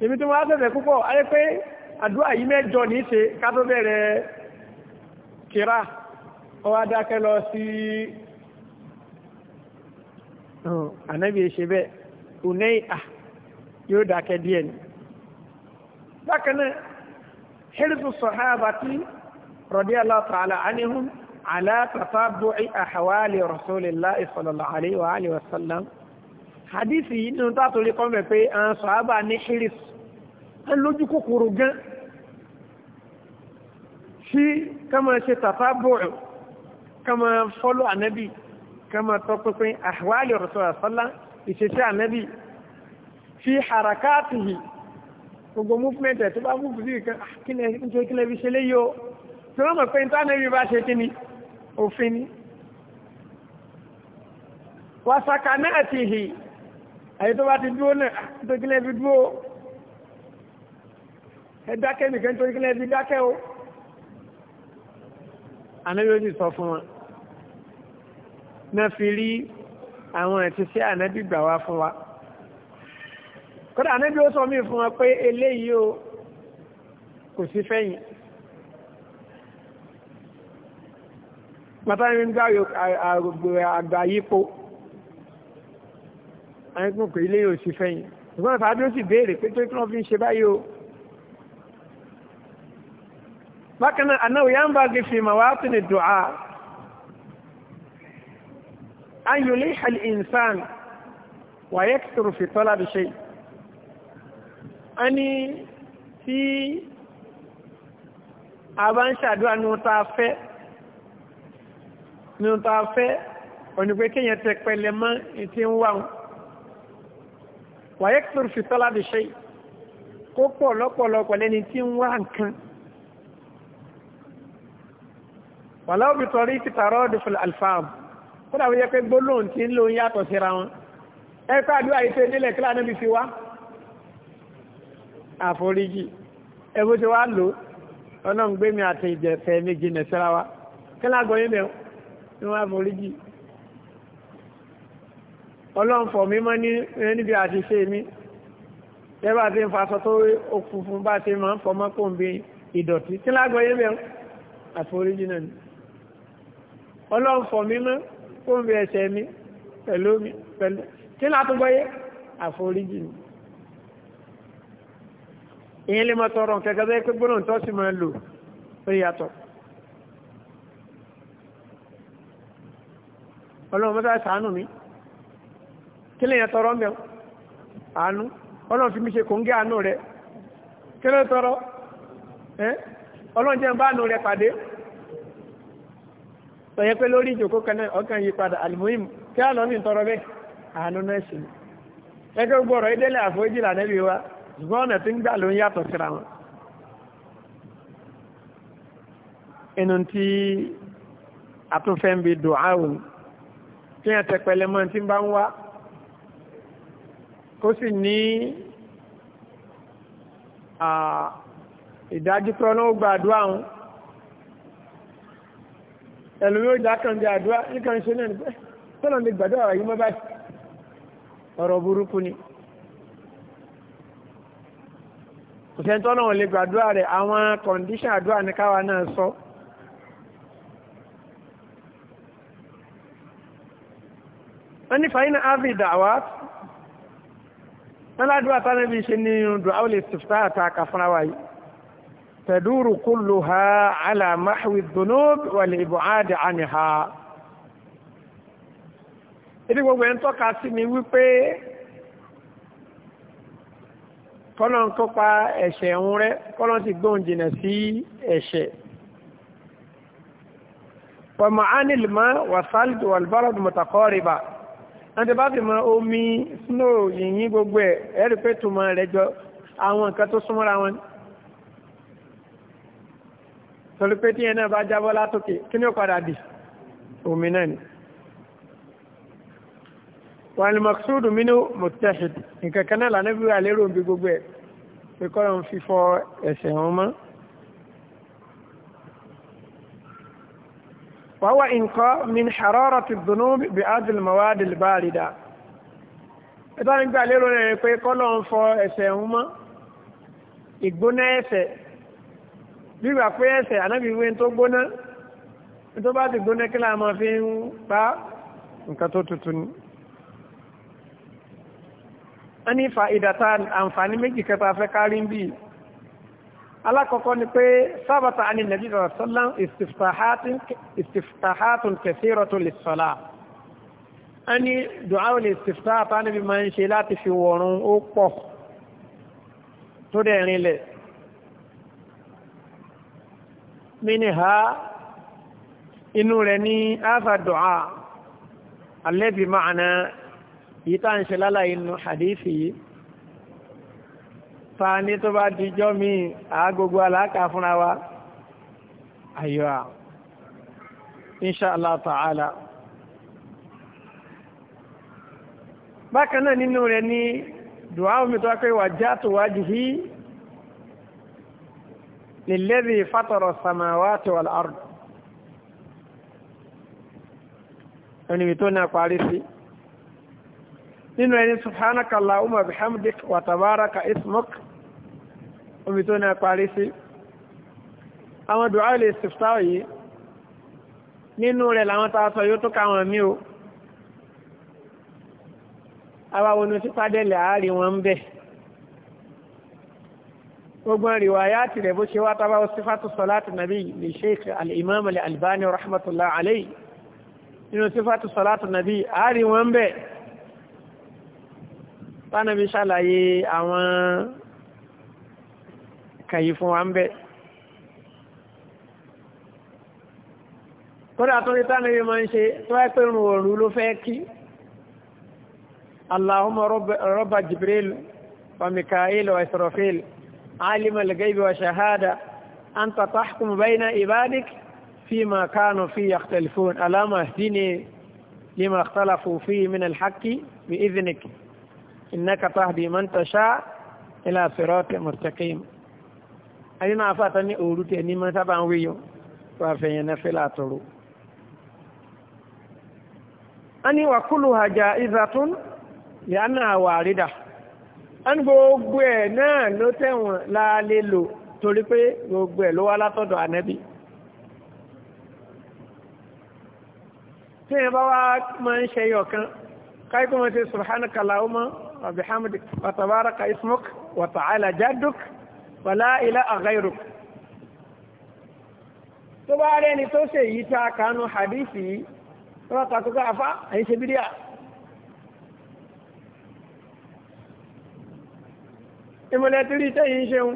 ibi tí wọ́n á sẹ̀sẹ̀ púpọ̀ ayé pé àdúrà yìí mẹ́jọ ní ṣe ká bẹ̀rẹ̀ kíra ọwá dákẹ́ lọ sí ànábì bẹ́ẹ̀ uneia yóò dákẹ́ díẹ̀ ni bákan náà hirisu sahaba ti radiyallahu ta'ala anihum ala tatabu'i ahwali rasulillahi sallallahu alaihi wa alihi wa sallam hadisi yìí nínú tátorí kan bẹ̀ pé àwọn sahaba ní hirisu ń lójú kòkòrò gan sí kama ṣe tatabu'u kama fọ́lọ́ ànábì kama tọpinpin ahwali rasulillahi sallallahu alaihi wa sallam fi harakatihi gbogbo movement ẹ̀ tó bá mú bùsí kan ah, kílẹ̀ nítorí kílẹ̀ fi ṣe léyìí o tí wọ́n mọ̀ pé ní táwọn ẹbí bá ṣe kí ni òfin ni. wàṣàkà náà ti hì àyè tó bá ti dúró náà ah, nítorí kílẹ̀ fi dúró ẹ dákẹ́ nìkan nítorí kílẹ̀ fi dákẹ́ kódà anábí ó sọ mí fún wọn pé eléyìí o kò sí fẹ́yìn pàtàkì ń gbá àgbò àgbáyípo àyíkún kò ilé yóò sí fẹ́yìn ìgbọ́n tàbí ó sì béèrè pé tó kí wọ́n fi ń ṣe báyìí o bákan náà anáwó yá ń bá gbé fi màwá tó ní dùá ayòlé ìhàlì ìnsán wàyẹ́kìtìrù fi tọ́lá bí ṣe yìí a ní tí a bá ń ṣàdúrà ní ta fẹ́ ní ta fẹ́ òní pé kéèyàn tẹ pẹlẹ mọ́ ètí ń wà wọn wàyẹ́ kìtòrò fi tọ́lá lè ṣe kó pọ̀ lọ́pọ̀lọpọ̀ lẹ́ni tí ń wá nǹkan wàláwò bí tọrí kìtàrọ́ ọdún alfáàmù kó dàbí yẹ pé gbólóhùn tí ń lò ń yàtọ̀ síra wọn ẹ àdúrà yìí tó délẹ̀ kílà níbi fi wá àforíjì ẹbú tí wá lò ọlọ́run gbé mi àti ìjẹ̀fẹ́ mi jìnà síra wa kí lágọ̀ yín bẹ̀rù ni wọ́n àforíjì ọlọ́run fọ̀ mí mọ́ níbi àti ṣe mi ẹbá ti ń faṣọ tó funfun bá ti máa ń fọmọ kó ń bí ìdọ̀tí kí lágọ̀ yín bẹ̀rù àforíjì náà ni ọlọ́run fọ̀ mí mọ́ ń bí ẹsẹ̀ mi pẹ̀lú mi pẹ̀lú kí àforíjì ni. ìyẹn lè máa tọrọ nǹkan gẹ́gẹ́ pé gbọ́nà tó sì máa lò ó yàtọ̀ ọlọ́run mọ́tà sàánù mi kí lè tọrọ àánú ọlọ́run fi mi ṣe àánú rẹ kí lè tọrọ ọlọ́run jẹ́ bá àánú rẹ pàdé pé lórí ìjòkó kan náà ọkàn yí padà kí mi tọrọ àánú wa ṣùgbọ́n ọ̀nà tí ń gbà ló ń yàtọ̀ síra wọn inú tí àtúnfẹ́ ń bi dùn áhùn kí ẹ̀ tẹ̀pẹ̀lẹ̀ mọ́ tí ń bá ń wá kó sì ní ìdájú pé ọlọ́wọ́ gba àdúrà wọn ẹlòmí ó dákan bí àdúrà nìkan ṣe náà nígbẹ́ tọ́lọ̀ ní gbàdúrà yìí mọ́ báyìí ọ̀rọ̀ burúkú ni. kò sẹ́ni tọ́nà ò lè gbàdúrà rẹ̀ àwọn kọ̀ǹdíṣàn àdúrà ní káwa náà sọ. wọ́n ní fàyínà áfì dàwà lọ́ládùúgbà táwọn ẹbí ṣe ní ìrùndùn àwọn lè tìfẹ́ àtàkà fúnra wa yìí. تدور كلها على محو الذنوب والإبعاد عنها. Ìdí gbogbo ẹ̀ ń tọ́ka sí mi wípé kọ́nà ń kópa ẹ̀ṣẹ̀ ń rẹ́ kọ́nà ti gbóhùn jìnà sí ẹ̀ṣẹ̀ pọ̀mọ̀ ánìlmá wàsálìdì wàlbárọ̀dù mọ̀tàkọ́rìbà láti bá fi mọ omi snow yìnyín gbogbo ẹ̀ ẹ̀rì pé túmọ̀ rẹ̀ jọ àwọn nǹkan tó súnmọ́ra wọn torí tí ẹ náà bá jábọ́ látòkè kí ni ó padà dì omi náà ni wàlí maksudu minú mutahid nǹkan kan náà lànà bí wà lérò bí gbogbo ẹ̀ pé kọ́ ló ń fífọ ẹ̀sẹ̀ wọn mọ́. wàá wà nǹkan min hararati dhunub bí adùn mawadi bárida. ẹ̀tọ́ ní gbà lérò rẹ̀ pé kọ́ ló ń fọ ẹ̀sẹ̀ wọn mọ́ ìgbóná ẹ̀sẹ̀ bí pé ẹ̀sẹ̀ ànábì wí tó gbóná tó bá ti gbóná kí láà fi ń pa nǹkan tó tutù ni wọ́n ní fàídàtà àǹfààní méjì kẹta fẹ́ kárí bí alákọ̀ọ́kọ́ ni pé sábàtà àni nàbí sàlám ìsìftàhátùn kẹsìrọ̀tún lè sọ́lá a ní dùáwò lè sìftàhátà níbi máa ń ṣe láti fi wọ̀run ó pọ̀ ìta ń ṣe lálà inú hadithi yìí fa ní tó bá dijọ́ mi àágbogbo aláàkà fúnra wa ayọ́a inṣàlá ta'ala bákan náà nínú rẹ̀ ní dùwá omi tó wákọ̀ ìwàjá tó wájú hí lèlẹ́bí fátọrọ samawa tó wà láàrùn ẹni tó náà parí sí nínú ẹni subhanaka allahumma bihamdik wa tabaraka ismuk omi tó ní àparí sí àwọn dùá ilé sifta yìí nínú rẹ̀ làwọn tá a sọ yóò tó káwọn mí o àwa wọnú sí pádẹ́lẹ̀ àárín wọn ń bẹ̀ ti rẹ̀ ṣe wá tábà ó sífàtú sọláàtì nàbí lè sheikh al-imam al-albani rahmatullahi alayhi nínú sífàtú sọláàtì nàbí àárín bána tánàbí ṣàlàyé àwọn kàyí fún wa ń bẹ kódà tó ní tánàbí máa ń ṣe tó wáyé pé rùn òru ló fẹ́ kí Allahumma rabba Jibril wa Mika'il wa Israfil عالم الغيب وشهادة ibadik fi ma kánu fi كانوا aláma يختلفون lima مهدني fi min فيه من الحق بإذنك innaka tahdi man tasha ila sirati mustaqim ayina afata ni òru te ni man saba wiyo wa fe yen nafila toro ani wa kulluha jaizatun li annaha warida an gbogbo ẹ̀ náà ló tẹ̀wọ̀n la lè lò torí pé gbogbo ẹ̀ ló wá látọ̀dọ̀ tí ẹ bá wá máa ń ṣe yọ̀kan káyí pé wọ́n ti وبحمدك وتبارك اسمك وتعالى جدك ولا إله غيرك tó bá rẹ̀ ni tó ṣe yìí tá kanú hadithi yìí tó bá kà tó ká afá àyí ṣe bídíà ìmọ̀lẹ̀ tí rí tẹ́yìn ṣeun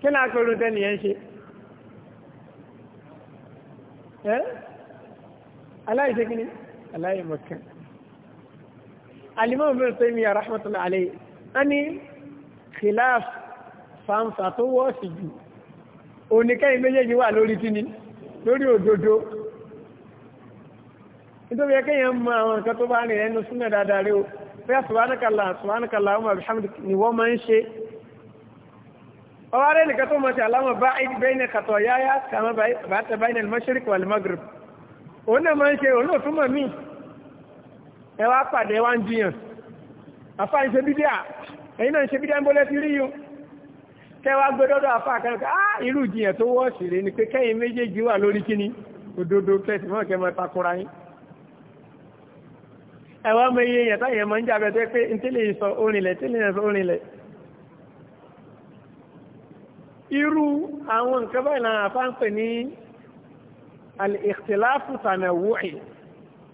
kí náà kọrù tẹ́nìyàn ṣe ẹ́ aláìṣẹ́ kí ni alimọ́n bẹ̀rẹ̀ tó mi rahmatullahi alayhi a ní khilaf fanfa tó wọ́ọ̀sì jù oníkẹ́yìn méjèèjì wà lórí kíni lórí òdodo nítorí ẹkẹ́yìn mọ àwọn nǹkan tó bá rìn ẹnu súnmọ́ dáadáa rí o pé subhanakalla subhanakalla ọmọ alhamdu ni wọ́n máa ń ṣe ọwọ́ rẹ̀ ẹ wá pàdé wá ń jiyàn àfà ń ṣe bídíà ẹ̀yin náà ń ṣe bídíà ń bọ́lẹ́ ti rí yun kẹwàá gbẹdọ́dọ̀ àfà kẹrìnkà á irú ìjiyàn tó wọ́ ṣèré ni pé kẹ́yìn méjèèjì wà lórí kíní òdodo kẹsì mọ́ kẹ́ mọ́ takura yín ẹ̀wọ́n mọ iye yẹn táyẹ̀ mọ́ ń jà al-ikhtilafu tanawu'i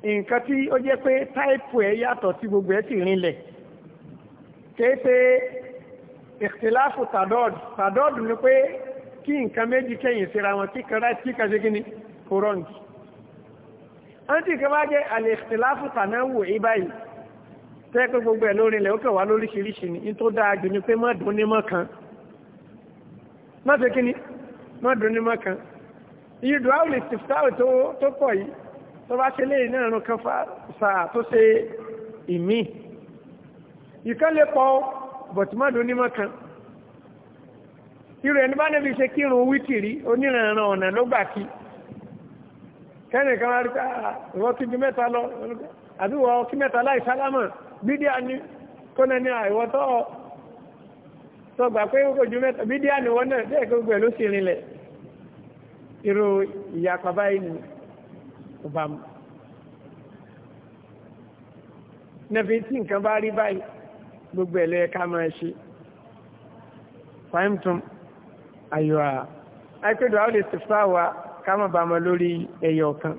nǹkan tí ó jẹ́ pé táìpù ẹ̀ yàtọ̀ tí gbogbo ẹ̀ sì rinlẹ̀ kéèpé ìkìláàfù tàdọ́d tàdọ́d ni pé kí nǹkan méjì kẹ́yìn síra wọn tí kan ráìtì kan ṣe kíni kò rọ́ǹgì àǹtí kan bá jẹ́ àlè ìkìláàfù tànáwò yìí báyìí tẹ́ pé gbogbo ẹ̀ lórí ilẹ̀ ó kẹ̀ wá lóríṣiríṣi ni tó dáa jù ni pé má ní mọ́ tọba bá ṣe léyìn kan rún kan tó ṣe ìmí ìkan pọ̀ bọ̀tìmọ́dún onímọ̀ kan irú ẹni bá níbi ṣe kírun wítìrí oníranran ọ̀nà ló gbà kí kẹ́rin kan wá rí ah, ká mẹ́ta lọ mẹ́ta kò bá mu. nàfi tí nǹkan bá rí báyìí gbogbo ẹ̀ lẹ́yẹ ká máa ṣe fàìmùtùm ayọ̀ à àwọn lè sèfà ká má bàa mọ lórí ẹyọ kan.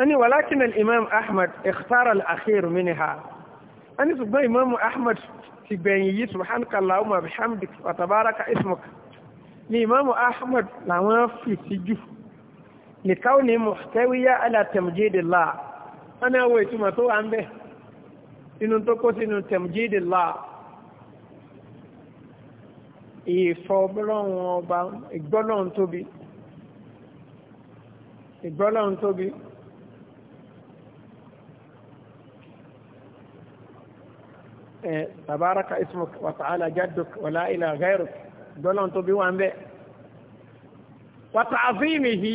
أني ولكن الإمام أحمد اختار الأخير منها أني سبحان إمام أحمد تبيني سبحانك اللهم بحمدك وتبارك اسمك ni imamu ahmad làwọn fi síjú lìkáwùnì mùtẹ́wíyá alátẹ̀mùjídìlá wọ́n ní àwọn ìtumọ̀ tó wà ń bẹ̀ inú tó kó sínú tẹ̀mùjídìlá ìfọ̀bọ́lọ́run ọba ìgbọ́lọ́run tóbi ìgbọ́lọ́run tóbi tabaraka ismuk wa ta'ala jadduk wa la ilaha ghayruk ìgbọ́lọ́run tóbi wà ń bẹ̀ wa ta'zimihi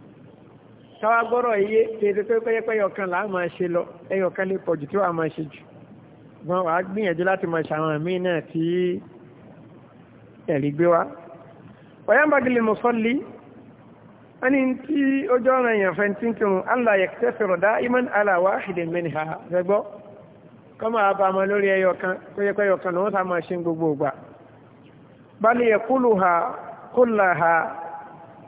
káwá gbọ́rọ̀ iye tèrè pé pẹ́yẹpẹ́yẹ ọ̀kan là á máa ṣe lọ ẹyọ kan lè pọ̀jù tí wàá máa ṣe jù wọn wàá gbìyànjú láti máa ṣàwọn míì náà tí ẹ̀rí gbé wá. ọ̀yàmbagilè mọ̀sọ́lì wọ́n ní tí ojú ọ̀ràn èèyàn fẹ́ tí ń kírun allah yẹ kẹ́ sọ̀rọ̀ dá iman ala wahidin minha rẹgbọ́ kọ́ máa ọmọ lórí ẹyọ kan tó yẹ pé máa ṣe gbogbo ìgbà. bal yaquluha kullaha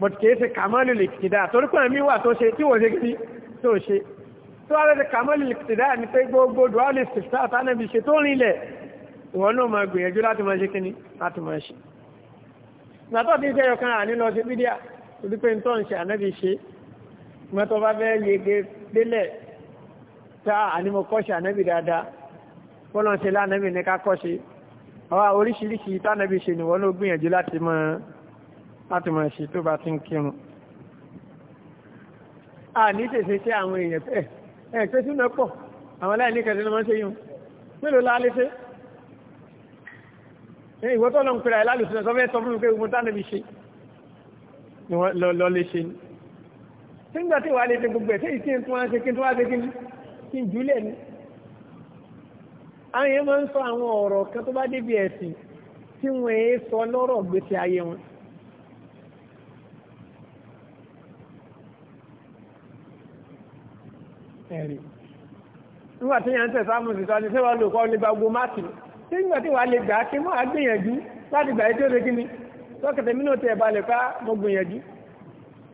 but kìí ṣe kàmọ́lù lìkìdá torí pé ẹ̀mí wà tó ṣe tí wọ́n ṣe kí tó ṣe tó wá lẹ́sẹ̀ kàmọ́lù lìkìdá ní pé gbogbo dual sista àtànàbí ṣe tó rinlẹ̀ ìwọ náà máa gbìyànjú láti máa ṣe kíní láti máa ṣe nàtọ́ tí ń ṣe ọkàn àní lọ sí bídíà torí pé nítorí ṣe ànábì ṣe mọ́tò nìwọ́n ló gbìyànjú láti máa láti mọ̀ ṣe tó bá ti ń kírun a ní tètè sí àwọn èèyàn ẹ̀ ẹ̀ pé sínú pọ̀ àwọn aláìní kẹ̀tẹ́ ló máa ṣe yìí mélòó la lè ṣe lọ ń pèrè àìlálùsùn ẹ̀sọ́ sọ fún pé gbogbo tánàbí ṣe lọ lè ṣe ni nígbà tí wàá lè ṣe gbogbo ẹ̀ sí ìsìn tí wọ́n ṣe kí n tó wá ṣe kí ni kí n jùlẹ̀ ni àwọn èèyàn máa ń sọ àwọn ọ̀rọ̀ kan tó bá débi ẹ̀sìn tí wọ́n ń sọ lọ́rọ̀ gbèsè ayé wọn ẹ̀rí nígbà tí yẹn ń tẹ̀sán mú ìsìtọ́ ni sẹ́wọ́n lò kọ́ ní gbogbo máàkì tí nígbà tí wàá lè gbà á kí mọ́ àgbìyànjú láti gbà yìí tó lè kíni tọ́kẹ̀tẹ̀ mí náà tẹ̀ balẹ̀ pa mo gbìyànjú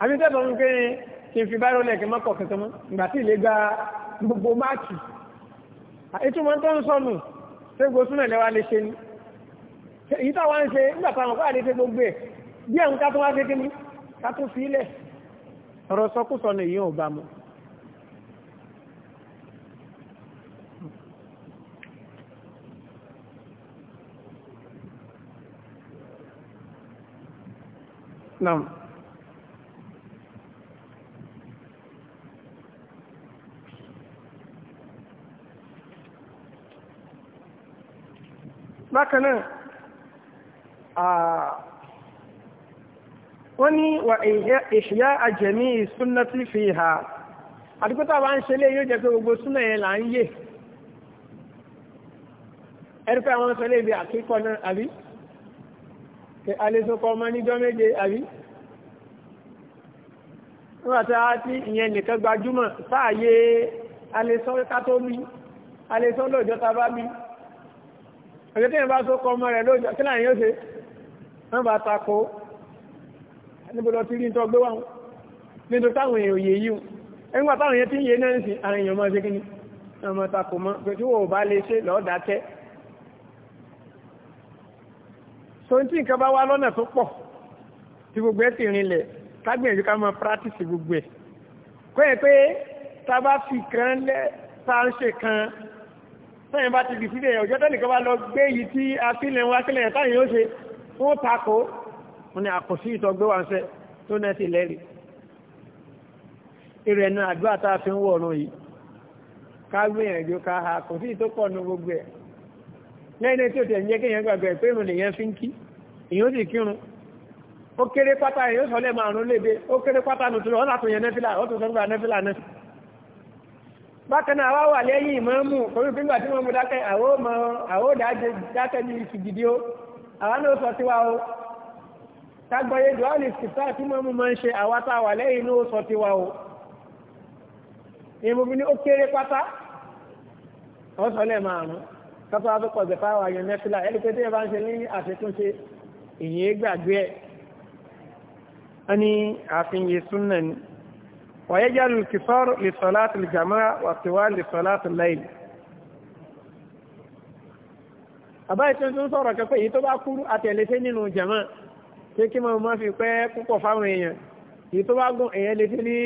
àmì tẹ́tọ̀ ń pé kí n fi bá rọlẹ̀ kí n má kọ̀ kẹsàn mọ́ ìgbà tí ìlé gba gbogbo máàkì ìtumọ̀ tó ń sọnù ṣé gbogbo súnmọ̀ lẹ́wà lè ṣe ni èyí táwa ń ṣe nígbà táwọn kọ́ àdéṣe gbogbo ẹ̀ bí àwọn ká tó wá ṣe kíni ká tó fi ilẹ̀ ọ̀rọ̀ sọkúsọ ni èyí ò bá mu nam bákan náà wọ́n ní wà ìṣìyá àjẹ̀mí ìsúnná tí fi hà àdúgbòtà bá ń ṣe lé yóò jẹ́ pé gbogbo súnà yẹn là ń yè ẹ̀rí àwọn sọ ibi àkíkọ́ náà àbí alẹ́sọ́kọ́ ọmọ níjọ́ méje àbí nígbàtí a ti ìyẹn nìkan gbajúmọ̀ sáàyé alẹ́sọ́ká tó bí alẹ́sọ́ lóòjọ́ ta bá bí ọjọ́ tí ìyẹn bá sọ́kọ́ ọmọ rẹ̀ lóòjọ́ kí láàrin yóò ṣe wọ́n bá takò níbodò tí rí tọ́ gbé wà nítorí táwọn èèyàn òye yìí nígbà táwọn èèyàn ti ń yé náà ń sìn àwọn èèyàn máa ṣe kí mọ́ tó ń tí nǹkan bá wá lọ́nà tó pọ̀ tí gbogbo ẹ̀ sì rinlẹ̀ kágbìyànjú ká máa practice gbogbo ẹ̀ kó yẹ pé tá bá fi kan lẹ́ tá ń ṣe kan sẹ́yìn bá ti fi sílẹ̀ ọjọ́ tẹ́nìkan bá lọ gbé yìí tí a sílẹ̀ wá sílẹ̀ táyìn ó ṣe fún tako wọn ni àkọsí ìtọ́gbé wa ń sẹ́ tó náà sì lẹ́rìí ìrẹ̀nà àdúrà tá a fi ń wọ̀ ọ̀run yìí ká gbìyànjú ká àkọsí ìtọ́pọ̀ nu gbogbo ẹ̀ lẹ́yìn tí ó tẹ̀ ń jẹ́ kéèyàn gbàgbẹ́ pé ìrùn lèyàn fi ń kí ìyóò sì kírun ó kéré pátá èyí ó sọlẹ̀ márùn léde ó kéré pátá nù tún ọ́nà àtúnyẹ nẹ́fìlà ó tún sọ́gbà nẹ́fìlà náà bákan náà wá wà lẹ́yìn ìmọ̀ọ́mù orí pínpà tí wọ́n mú dákẹ́ àwọ̀ dákẹ́ ní ìfìdí ó àwọn náà sọ tiwa o tágbọ́yé dual ìsìtá tí mọ́mú máa ń ṣe àwa ní ó kéré èyí gbàgbé ẹ̀ wọ́n ní ààfin yìí súnnà ni wọ́yẹ́ jálù kìsọ́rọ̀ lè sọ láti lè jàmáà wàtíwá lè sọ láti láìlì àbáyé tó ń sọ̀rọ̀ kẹ́kọ̀ọ́ èyí tó bá kúrú àtẹ̀lẹ́sẹ́ nínú jàmáà tí kí máa máa fi pẹ́ púpọ̀ fáwọn èèyàn èyí tó bá gùn èèyàn lè fi ní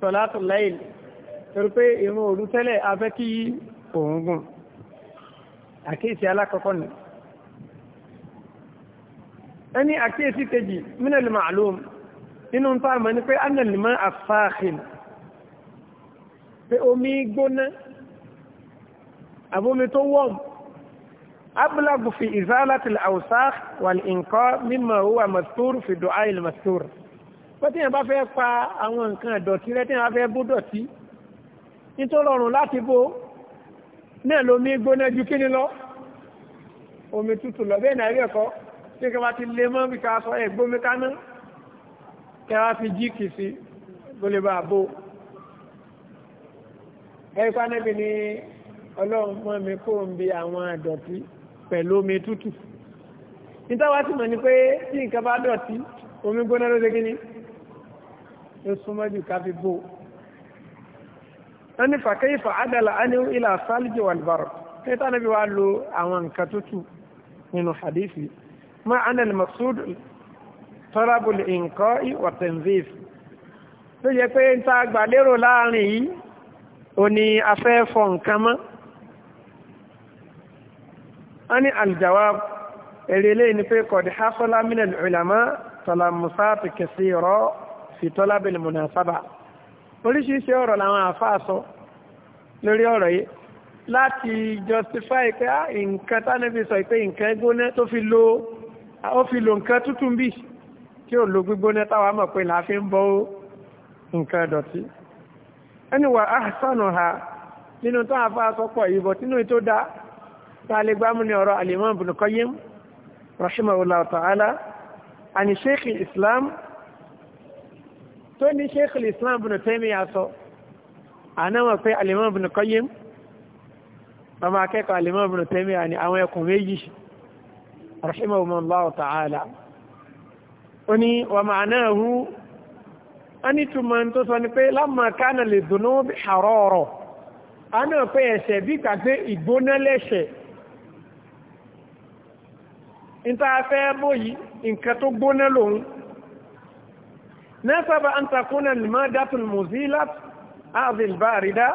sọ̀látù láìlì torí pé ìrun òru tẹ́lẹ̀ afẹ́ kí òun gùn àkíyèsí alákọ̀ọ́kọ́ nìyí ẹni àkíyèsí kejì minal ma'lum nínú ń tààmà ní pé annalima afáàkìn pé omi gbóná àbómi tó wọ́n abúlágù fi izalatil awsakh wal inqaa mimma huwa mastur fi du'a il mastur pẹ́tíyàn bá fẹ́ pa àwọn nǹkan ẹ̀dọ̀tí rẹ́tíyàn bá fẹ́ bú dọ̀tí nítorí láti bó náà lómi gbóná ju kíni lọ omi tútù lọ bẹ́ẹ̀ náà rí ẹ̀kọ́ tí kí wọ́n ti lé mọ́ bí ká sọ ẹ̀gbómi kaná kí wọ́n fi jí kì sí kó lè bá bó ẹ̀ríkà níbi ni ọlọ́run mọ́ mi kó ń bi àwọn àdọ̀tí pẹ̀lú omi tútù nítawá ti mọ̀ ni pé tí nǹkan bá dọ̀tí omi gbóná ló dé kí ni ó súnmọ́ jù ká fi bó wọ́n ní fàkẹ́yìfà ádàlà á ní ilà sálíjì wàlúbàrọ̀ kí táwọn ẹbí wa lo àwọn nǹkan tútù nínú hadithi معنى المقصود طلب الإنقاء والتنظيف ló jẹ́ pé ń ta gbàlérò láàrin yìí o ni a fẹ́ fọ nǹkan mọ́ a ní aljawab èrè ilé ni pé kọ̀dí hásọ́lá mínà ìlàmá tọ́lámùsá ti kẹsí rọ́ fi tọ́lábìlì mùnàsábà oríṣiríṣi ọ̀rọ̀ làwọn àfáà sọ lórí ọ̀rọ̀ yìí láti justify pé ah, nǹkan tánàbí sọ pé nǹkan gbóná tó fi lo ó fi lò nǹkan tútù bí tí ò lo gbígbóná táwa mọ̀ pé là á fi ń bọ́ nǹkan dọ̀tí ẹni wà á sànà ha nínú tó àfa sọpọ̀ yìí bọ̀ tínú tó dá tá a lè gbámú ní ọ̀rọ̀ al-Imam Ibn Qayyim rahimahullahu ta'ala àni sheikh islam tó ní sheikh islam Ibn Taymiyyah sọ àná mọ̀ pé al-Imam Ibn Qayyim ọmọ akẹ́kọ̀ọ́ al-Imam Ibn Taymiyyah àwọn ẹkùn méjì rahimahumullahu ta'ala ó ní wa ma'nahu a ní túnmọ̀ tó sọ ni pé lamma kana li dhunubi harara a náà pé ẹ̀ṣẹ̀ bí kàgbé ìgbóná lẹ́ṣẹ̀ níta fẹ́ bóyí nǹkan tó gbóná lòun nasaba an takuna al-madatul muzilat azil barida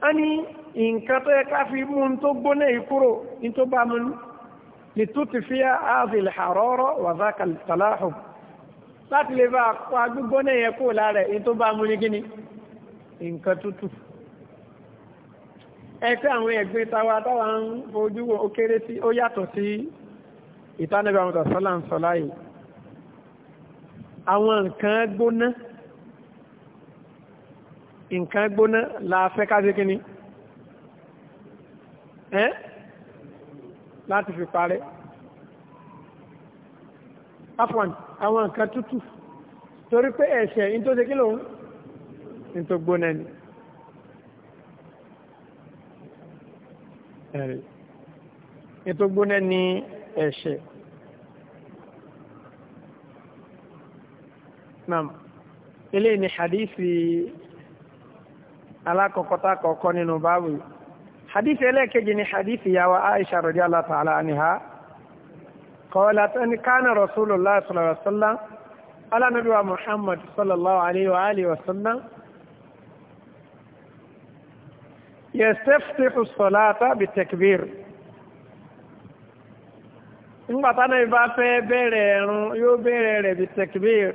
a ní nǹkan tó yẹ ká fi mú tó gbóná yìí kúrò ní tó bá mú لتطفئ هذه الحرارة وذاك التلاحم láti lè bá pa gbígbóná yẹn kó lára èyí tó bá mú ní gíní nǹkan tútù ẹ̀kọ́ àwọn ẹ̀gbẹ́ tawa táwa ń fojú wo ó kéré sí ó yàtọ̀ sí ìtànẹ́bà àwọn ọ̀sọ́là ń sọ láyé àwọn nǹkan gbóná nǹkan gbóná la fẹ́ ẹ́ láti fi parẹ́ afwan àwọn nǹkan tútù torí pé ẹ̀ṣẹ̀ in tó ṣe kí lòun in tó gbóná ni ẹ̀rẹ̀ in tó gbóná ni ẹ̀ṣẹ̀ nam ilé ni hadithi alákọ̀ọ́kọ́ta kọ̀ọ̀kọ́ nínú báwùí hadith ẹlẹ́ẹ̀kejì ni hadith ìyàwó aisha radiyallahu ta'ala anha qalat ẹni kánà rasulullah sallallahu alaihi wasallam alánàbíwa muhammad sallallahu alaihi wa alihi wasallam yastaftihu salata bi takbir ngbàtà náà ibà fẹ́ bẹ̀rẹ̀ ẹ̀rùn yóò bẹ̀rẹ̀ rẹ̀ bi takbir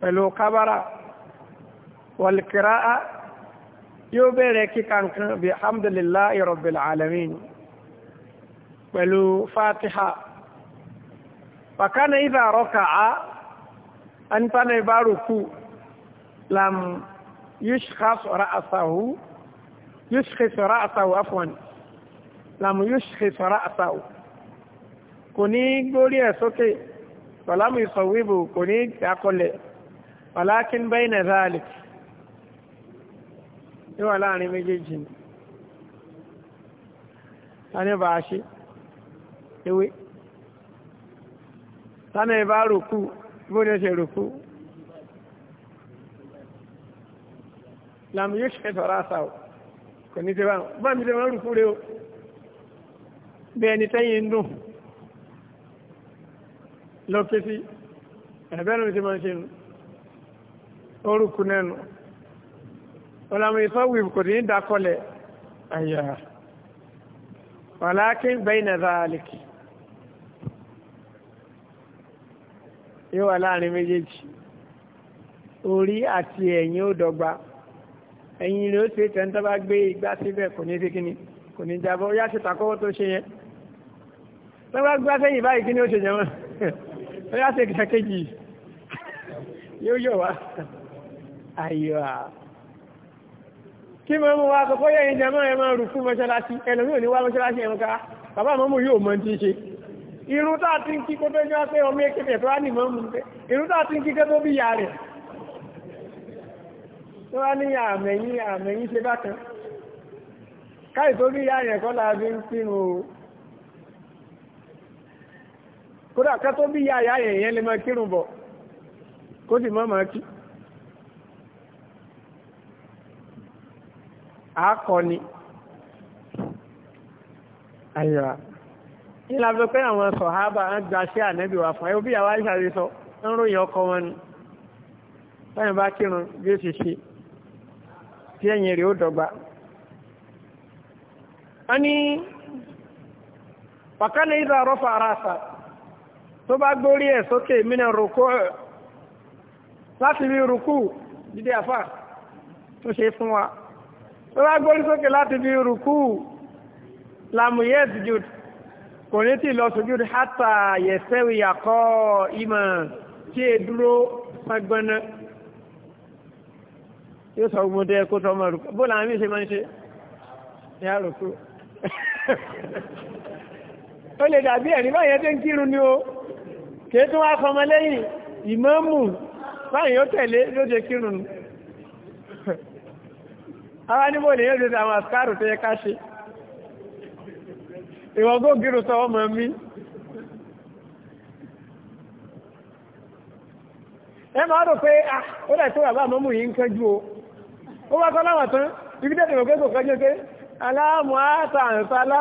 pẹ̀lú kábàrà wal qira'a tí ó bẹ̀rẹ̀ kíkà nǹkan bí alhamdulillahi rabbil alamin pẹ̀lú fatiha fakana idha raka'a an tana ibaruku lam yushkhas ra'sahu yushkhis ra'sahu afwan lam yushkhis ra'sahu kò ní gbórí ẹ̀ sókè wàlámù ìsọ̀wébù kò ní dákọlẹ̀ walakin bayna dhalik yóò wà láàrin méjèèjì ni tani bá a ṣe ewé tani bá rùkú bó ni ó ṣe rùkú làmì yóò ṣe tọ́ra àṣà o kò ní ṣe bá wọn bá mi ṣe máa rùkú rẹ o bí ẹni tẹ́yìn dùn lọ ké sí máa ṣe nù orúkú náà nù ọlọ́mọ ìsọ́wì kò ní dákọlẹ̀ àyà wàlákín bẹ́yìn àzáàlìkì yóò wà láàrin méjèèjì orí àti ẹ̀yìn ó dọ́gba ẹ̀yìn rẹ̀ ó ṣe tẹ́ntọ́ bá gbé igbá síbẹ̀ kò ní sí kíní kò ní jábọ́ yá ṣe tàkọ́wọ́ tó ṣe yẹn tó gbá sẹ́yìn báyìí kíní ó ṣe jẹmọ́ ó yóò yọ̀ wá ayọ̀ kí mọ́ mú wa sọ fọ́yẹ́ ìjẹ mọ́ ẹmọ rùkú mọ́ṣáláṣí ẹlòmí ò ní wá mọ́ṣáláṣí ẹ̀mọ́ká bàbá mọ́mú yóò mọ́ ti ṣe irú táà ti ń kí kó tó jọ pé ọmọ èkéfì ẹ̀tọ́ á nìmọ́ mú pé irú táà ti ń kí kó tó bí ìyá rẹ̀ tó wá ní àmẹ̀yìn àmẹ̀yìn ṣe bákan káì tó bí ìyá rẹ̀ kọ́ láàbí ń pín o kódà ká tó bí ìyá ìyá rẹ̀ yẹn lè máa kírun bọ̀ kó sì mọ́ máa kí àákọ́ni àyà nílá fi pé àwọn sọ̀hábà ń gba sí ànẹ́bì wà fún ẹ bí àwọn àìsàrí sọ ń ròyìn ọkọ wọn ni lẹ́yìn bá kírun bí ó ti ṣe tí ẹ̀yìn rẹ̀ ó dọ̀gba a ní pàkánà ìdá rọ́fà ara sà tó bá gbórí ẹ̀ sókè mínà rúkú ẹ̀ láti rí rúkú dídé àfà tó ṣe fún wa tó bá gbórí sókè láti fi rùkú làmúyẹ́ ìtìjú kò ní tí lọ sójú hátà yẹ̀sẹ́wì àkọ́ ìmọ̀ tí è dúró pẹ́gbọ́nà yóò sọ gbogbo dẹ́ kó tọmọ rùkú bó làwọn mí máa ń ṣe ní àrùkú ó lè dàbí ẹ̀rí báyẹn tó ń kírun ni ó kìí tún wá fọmọ lẹ́yìn ìmáàmù báyìí ó tẹ̀lé ló jẹ kírun nù àwọn níbo lè yóò ṣe àwọn àṣkárù tó yẹ ká ṣe ìwọ̀gó gírù sọ ọmọ mi ẹ máa rò pé ah, ó dẹ̀ tó bàbá àmọ́mù yìí ń kẹjú o ó bá tọ́lá wọ̀n tán ibi tẹ́ tẹ̀wọ̀ pé kò kẹjú pé aláàmù àtàǹsálá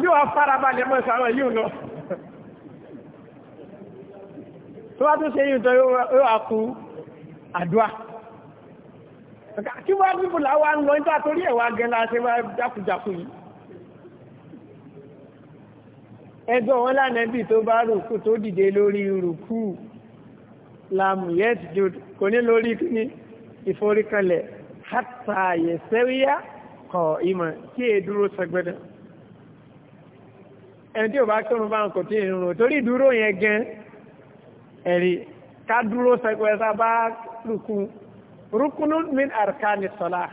bí wọ́n farabalẹ̀ mọ́ sàrọ̀ yìí lọ tó bá tún ṣe yìí tán yóò wá kú àdúrà kí wá bíbù láwá ń lọ nígbà torí ẹ̀wà gẹ́lá ṣe wá jákujàku yìí ẹgbẹ́ wọn lánàbì tó bá rùkú tó dìde lórí rùkú lamuyet jude kò ní lórí kíní ìforíkanlẹ̀ hátà yẹ̀sẹ́ríyá kọ̀ ìmọ̀ kí è dúró sọgbẹ́dẹ̀ ẹni tí ò bá kírun bá ń kò tí ìrìn rò torí dúró yẹn gan ẹ̀rí ká dúró sọgbẹ́ sábà rùkú rukunun min arkani sọlá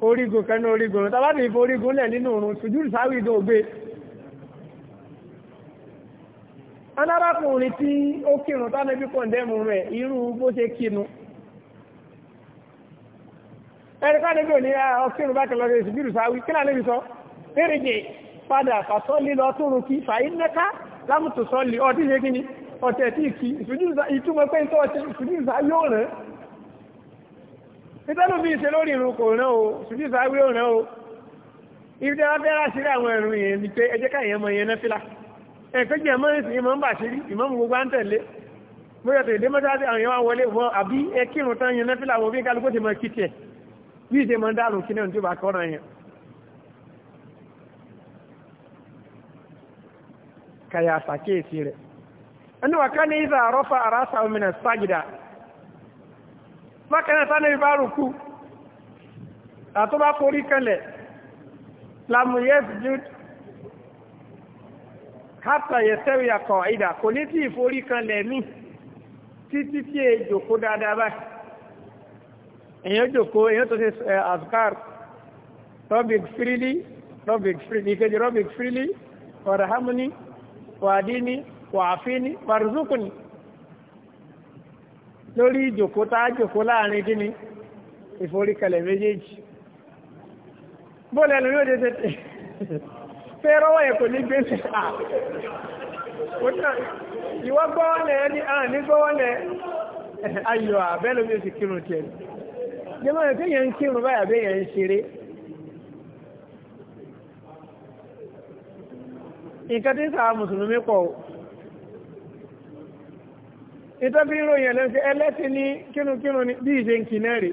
orígun kẹ́nu orígun tàbá ti fi orígun lẹ̀ nínú òrùn sùjúrù sáwì tó gbé anárakùnrin tí ó kírun tánà bí kọ̀ndẹ́mù rẹ̀ irú bó ṣe kínu ẹ̀ríkà níbi òní ah, ọkírun bá kẹlọ rẹ̀ sùjúrù sáwì kí lálẹ́ sọ fèrèjì padà fàtọ́ lílọ tóorun kí fàyí nẹ́ká lámùtòsọ́lì ọtí ṣe kí ni ọ̀tẹ̀ tí ì nítọ́nù bí ṣe lórí ìrùn kò rán o ṣùgbí ìsáwé ò rán o ibi tí wọ́n fẹ́ àwọn ẹ̀rùn yẹn ni pé ẹjẹ́ káyẹ̀ mọ yẹn náfílà ẹ̀kẹ́jì ẹ̀mọ́ ìsìn ìmọ̀ ń bà ṣírí ìmọ̀ mú gbogbo à ń tẹ̀lé mo yàtọ̀ èdè mọ́tàdé àwọn yẹn wá wọlé wọn àbí ẹ kírun tán yẹn náfílà wọn bí kálukú ti mọ kí tiẹ̀ bí ìṣe mọ dáàrùn kí bákanáà sánàbí bá rùkú àtọ́bá forí kanlẹ̀ lamuyes jude hátà yẹsẹ́rì àkọ̀ ìdà kò ní tí ìforí kanlẹ̀ mí títí tí è jòkó dáadáa báyìí èyàn jòkó èyàn tó ṣe azkar rọ́bìk fírílì rọ́bìk fírílì ìkejì rọ́bìk fírílì wàràhámúní wàdíní wàáfíní wàrùzúkùní lórí ìjòkó tá a jòkó láàrin kíni ìforíkalẹ̀ méjèèjì bóòlù ẹlòmí òde tètè fẹ́ rọ́wọ́ yẹn kò ní gbé sí à gbọ́wọ́lẹ̀ ẹni à ní gbọ́wọ́lẹ̀ ayọ̀ àbẹ́lò ìtọ́bí ìròyìn ẹ̀lẹ́sẹ̀ ẹlẹ́sìn ní kínúkínú ní bí ìṣe ń kì náà rè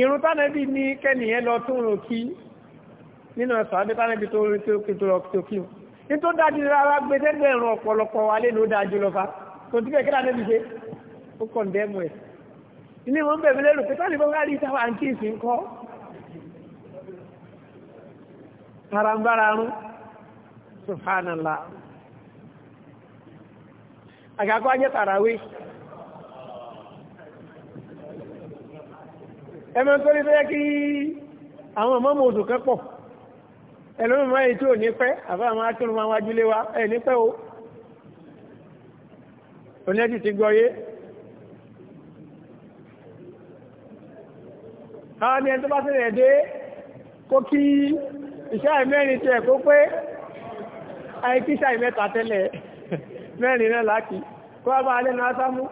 ìrun tánẹ́bí ní kẹ́nìyàn lọ tún rò kí nínú ẹ̀sọ́ àbí tánẹ́bí tó rí tó kí tó kí ní tó dájú rárá gbé tẹ́gbẹ̀rún ọ̀pọ̀lọpọ̀ wa lé ló dájú lọ fa kò tí kẹ́kẹ́ láti fi ṣe ó kọ̀ ń dẹ́mu ẹ̀ ilé wọn bẹ̀rẹ̀ lérò pé tánẹ́bí wọn rí táwọn àǹtí ìsìn kọ́ ara ń bára rún subhanallah àgàkọ́ ajẹ́ tàràwé ẹmọ tó ní fẹ́ kí àwọn ọmọ òdù kan pọ̀ ẹlọ́mọ yìí tí ò ní pẹ́ àbá àwọn akérò máa wájú lé wa ẹ̀ e ní pẹ́ o onídìí e ti gbọ́ yé àwọn ẹni tó bá sílẹ̀ dé kó kí ìṣáì mẹ́rin tẹ̀ kó pé àìkí ìṣáì mẹ́ta tẹ́lẹ̀ mẹ́rin náà láti kó bá alẹ́ náà sámú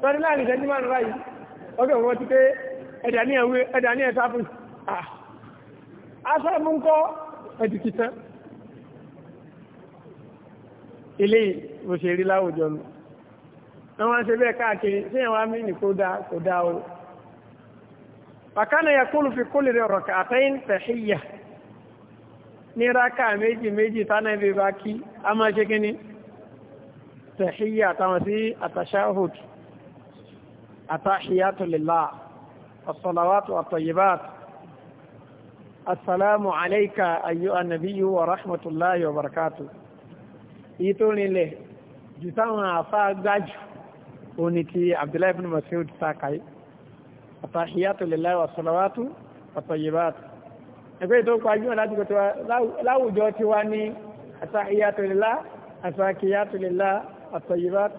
tọ́dí láàrin ìṣẹ́jú máa nù báyìí ọjọ́ wọn ti pé ẹ̀dà ní ẹ̀wé ẹ̀dà ní ẹ̀ta fún asámú ń kọ́ ẹ̀dìkì tán ilé ìwòsèrí láwùjọ nù wọ́n wá ń ṣe bẹ́ẹ̀ káàkiri sí ẹ̀wọ̀n amínì kó dáa kó dáa o fàkánà yakulu fi kulli rak'atayn tahiyya ní rákà méjì méjì tánà ibi bá kí a máa ṣe kíní tahiyya àtàwọn sí àtàṣáhùd àtàṣíyàtò lillah as-salawatu at-tayyibat assalamu alayka ayyuha nabiyyu wa rahmatullahi wa barakatuh èyí tó rinlẹ̀ jù táwọn àfáà gbájú ti abdullahi ibn mas'ud sákàyí àtàhíyàtò lè láwà sọ̀rọ̀wátú àtọ̀yẹ̀bátù ẹgbẹ́ tó kọ ajú láti kò láwùjọ ti wá ní àtàhíyàtò lè lá àtàkíyàtò lè lá àtọ̀yẹ̀bátù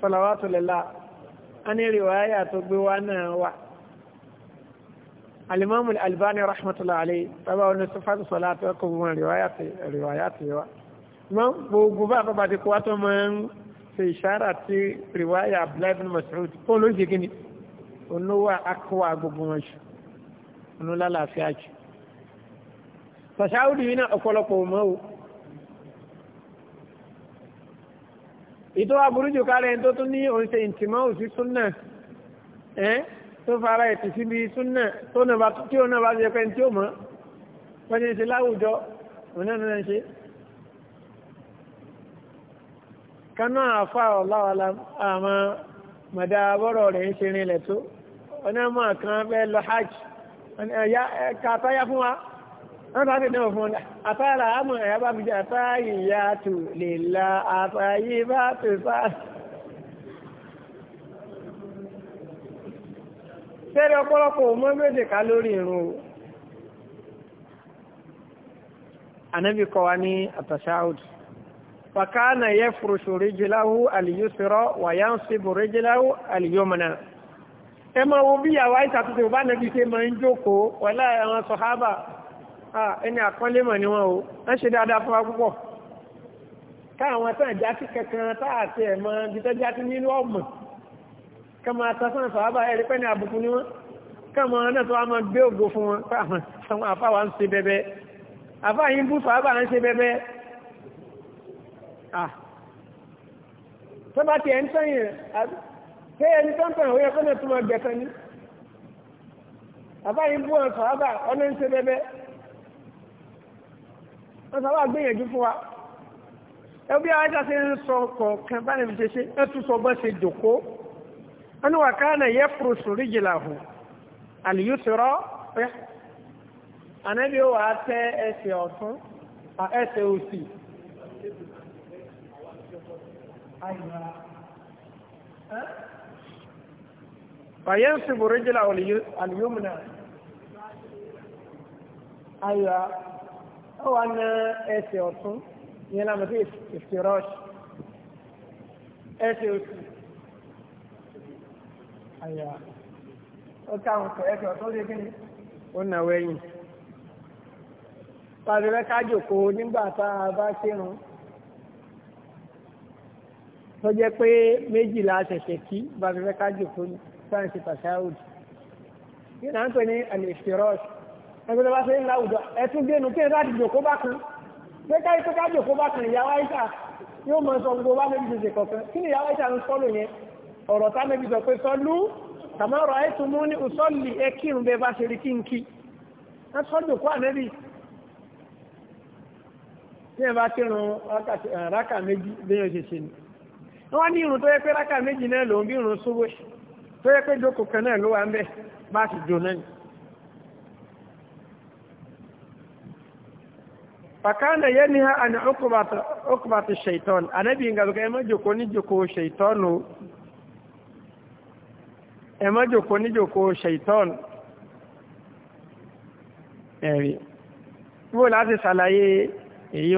sọ̀rọ̀wátù lè lá a ní riwaya tó gbé wá náà wà alimamu albani rahmatullahi alayhi taba wani sifatu salatu ya kuma riwaya ta yi wa imam gbogbo ba ba ba ti kuwa to ma ń ṣe ìṣára ti riwaya abdullahi bin mas'ud ko ló ṣe gini olówó akọwà gbogbo wọn jù onúlàlàáfíà jù tọ̀ṣáwùdì yìí náà ọ̀pọ̀lọpọ̀ mọ́ o ìtò aburújù kárẹ̀ tó tún ní oúnjẹ ìtìmọ́ òsì súnà ẹ́ tó fara ètì síbi súnà tó náà bá tí ó náà bá jẹ́ pé tí ó mọ́ wọ́n ṣe láwùjọ òun náà ṣe kanáà fà ọ̀láwàlá àmọ́ mọ̀dá bọ́rọ̀ rẹ̀ ń ṣe rinlẹ̀ tó onímọ̀ kan fẹ́ lọ hajj ẹ̀ka àtàyà fún wa wọ́n tàbí ìdánwò fún àtàrà àmọ̀ ẹ̀yà bá fi jẹ́ àtàyì ya tù lè la àtàyì bá tù sá sẹ́rẹ̀ ọ̀pọ̀lọpọ̀ mọ́ méjì ká lórí ìrun anábì kọ́ wa ní àtàṣáhùd fàkánà yẹ fùrùsù ríjìláwú àlìyúsirọ́ wàyánsíbù ríjìláwú àlìyúmọ́nà ẹ máa wo bí yàwá ìṣàtúnṣe ò bá nẹ́bí ṣe máa ń jókòó wọ́lá àwọn sọ̀hábà ẹni àkọ́lé mọ̀ ni wọ́n o wọ́n ṣe dáadáa fún wa púpọ̀ káwọn tán jásí kankan táàtì ẹ̀ mọ jítọ́ jásí nínú ọ̀mọ̀ ká máa tán sọ̀rọ̀ sọ̀hábà ẹ̀rí pẹ́ ní àbùkù ni wọ́n ká náà tó wá máa gbé ògo fún wọn káwọn àfa wa ń ṣe bẹbẹ àfa yìí bú sọ̀hábà ń ṣe bẹbẹ tó bá tiẹ̀ ń sẹ́yìn ṣé ẹni tó ń tàn ó yẹ kó náà tún máa gbẹ̀kan ní. bàbá yìí bú wọn sọ bàbá ọ̀nà ń ṣe bẹ́bẹ́ wọ́n sọ bá gbìyànjú fún wa ẹbí àwọn ajá ṣe ń sọ kọ̀ọ̀kan bá lẹ́nu ṣe ṣe ẹ tún sọ bọ́ ṣe jòkó wọn ni wà ká náà yẹ kúrò sórí jìlá hù àlìyú sọ̀rọ̀ pé ànábi wà á tẹ ẹsẹ̀ ọ̀tún ẹsẹ̀ òsì Ayọ̀. فينصب رجله اليمنى أيوة أو أن أسي أوتون ينام في افتراش أسي أوتون أيوة أكاون أسي أوتون لكن أنا وين pàdé rẹ ká jòkó nígbà tá a bá ṣèrun tó jẹ́ pé méjìlá ṣẹ̀ṣẹ̀ kí pàdé rẹ ká jòkó ni sáǹsì pàṣáwùd yìí náà ń pè ní alèfèrọ́s ẹgbẹ́ tó bá ṣe ń láwùjọ ẹtún gbénu kí n láti jòkó bá kan pé káyí pé ká jòkó bá kan ìyá wáyíṣà yóò mọ sọ gbogbo bá méjì ṣèṣe kọ̀ọ̀kan kí ni ìyá wáyíṣà ń sọ́lù yẹn ọ̀rọ̀ tá méjì sọ pé sọlú tàmọ́rọ̀ ẹ̀tún mú ní ìsọ́lì ẹ kírun bẹ́ẹ̀ bá ṣe rí kínkí ẹ sọ́jò kó ànẹ́bì tí ẹ bá kírun rákà méjì bí yóò ṣe ṣe ni wọ́n ní irun tó yẹ pé rákà méjì náà lòún bí irun súwèé tó yẹ pé jókòó kan náà ló wà ń bẹ bá sì jò náà fakana yẹni ha àni okubata shaitan anabi nga zuka ẹmọ jòkó ní jòkó shaitan o ẹmọ jòkó ní shaitan ẹ̀rí wó láti ṣàlàyé èyí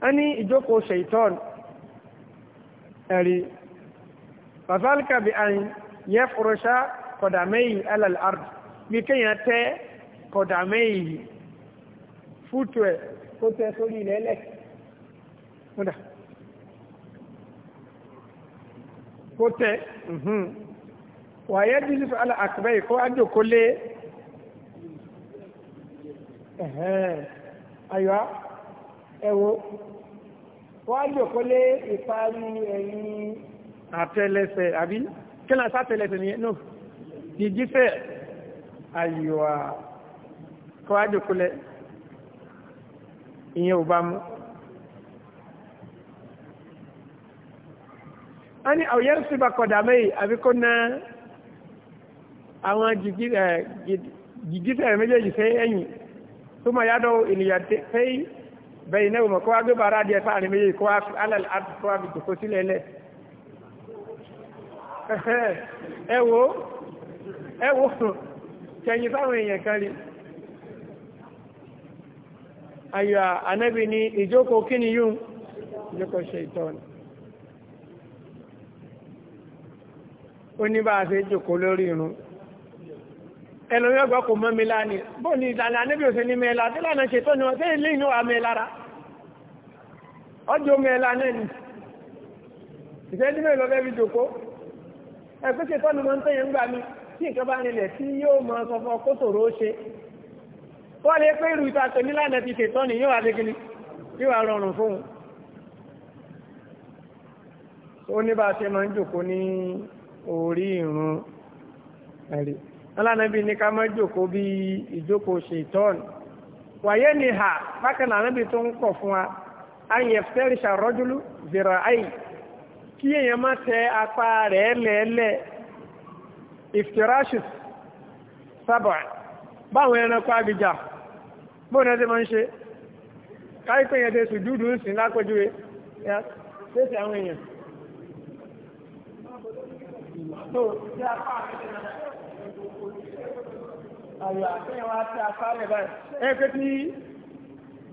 a ìjókòó shaitan ẹ̀rí fàfàlùkà bí àyìn yẹ fúrọ́ṣà kọ̀dàmẹ́yì alàlárd bí kéèyàn tẹ́ kọ̀dàmẹ́yì fútu ẹ̀ kó tẹ́ sórí ilẹ̀ ẹlẹ́ kódà kó tẹ́ wàyẹ́ dídí fún alàkùbẹ́yì kó ájòkó lé ayọ́ ẹ̀wọ̀ kó ájòkó lé ìparí ẹ̀yìn àtẹ́lẹsẹ̀ àbí kílá sátẹ́lẹsẹ̀ ni no ìjísẹ̀ àyíwá kọwàjòkulẹ̀ ìyẹn ò bá mú a ní àwòyẹ́ síbà kọ̀dà mẹ́yì àbí kó ná àwọn jìgísẹ̀ méjèèjì fẹ́ ẹ̀yìn tó mọ̀ yádọ̀ ènìyàn fẹ́ bẹ̀yìn náà mọ̀ kó wá gbé bàrá díẹ̀ fáàrin méjèèjì kó wá àti kó bìtò kó sílẹ̀ lẹ́ẹ̀ ẹwò ẹwò kẹyìn sáwọn èèyàn kan rí ayò ànábì ní ìjókòó kí ni yún ìjókòó ṣe ìtọ́ni ó ní bá a ṣe jókòó lórí irun ẹlòmí ọgbà kò mọ́ mi láni bó ní ìlànà ànábì òsè ní mẹ́la tí lánàá ṣe tọ́ni wọn ilé ìnú wa mẹ́lára ọjọ́ mẹ́la náà ni ìṣẹ́jú mẹ́lọ fẹ́ fi ẹgbẹ́ ṣe tọ́nu máa ń tẹ̀yẹ̀ ń gbà mí tí nǹkan bá rinlẹ̀ tí yóò máa sọ fún ọkọ́ sòrò ó ṣe wọ́n lè pé irú ìtàkùn nílànà ti ṣètọ́ ni yóò wá dé kíní yóò wá rọrùn fún un ó ní bá a ṣe máa ń jòkó ní orí ìrun ẹ̀rí alánàbí ní ká máa jòkó bí ìjókó ṣètọ́n wàyé ni hà bákan náà anábì tó ń kọ̀ fún wa ayẹ̀fẹ́rìṣà rọ́júlú zèrè àyè kí èèyàn má tẹ apá rẹ̀ lẹ́ẹ̀lẹ́ iftirashus sábà báwọn ẹranko abìjà bóun náà ti máa ń ṣe káyipẹ́ yẹn ti sùjúdù ń sìn lápẹ́júwe yá tẹ́sí àwọn èèyàn. tó tí apá wa ti apá rẹ̀ báyìí. ẹ pé tí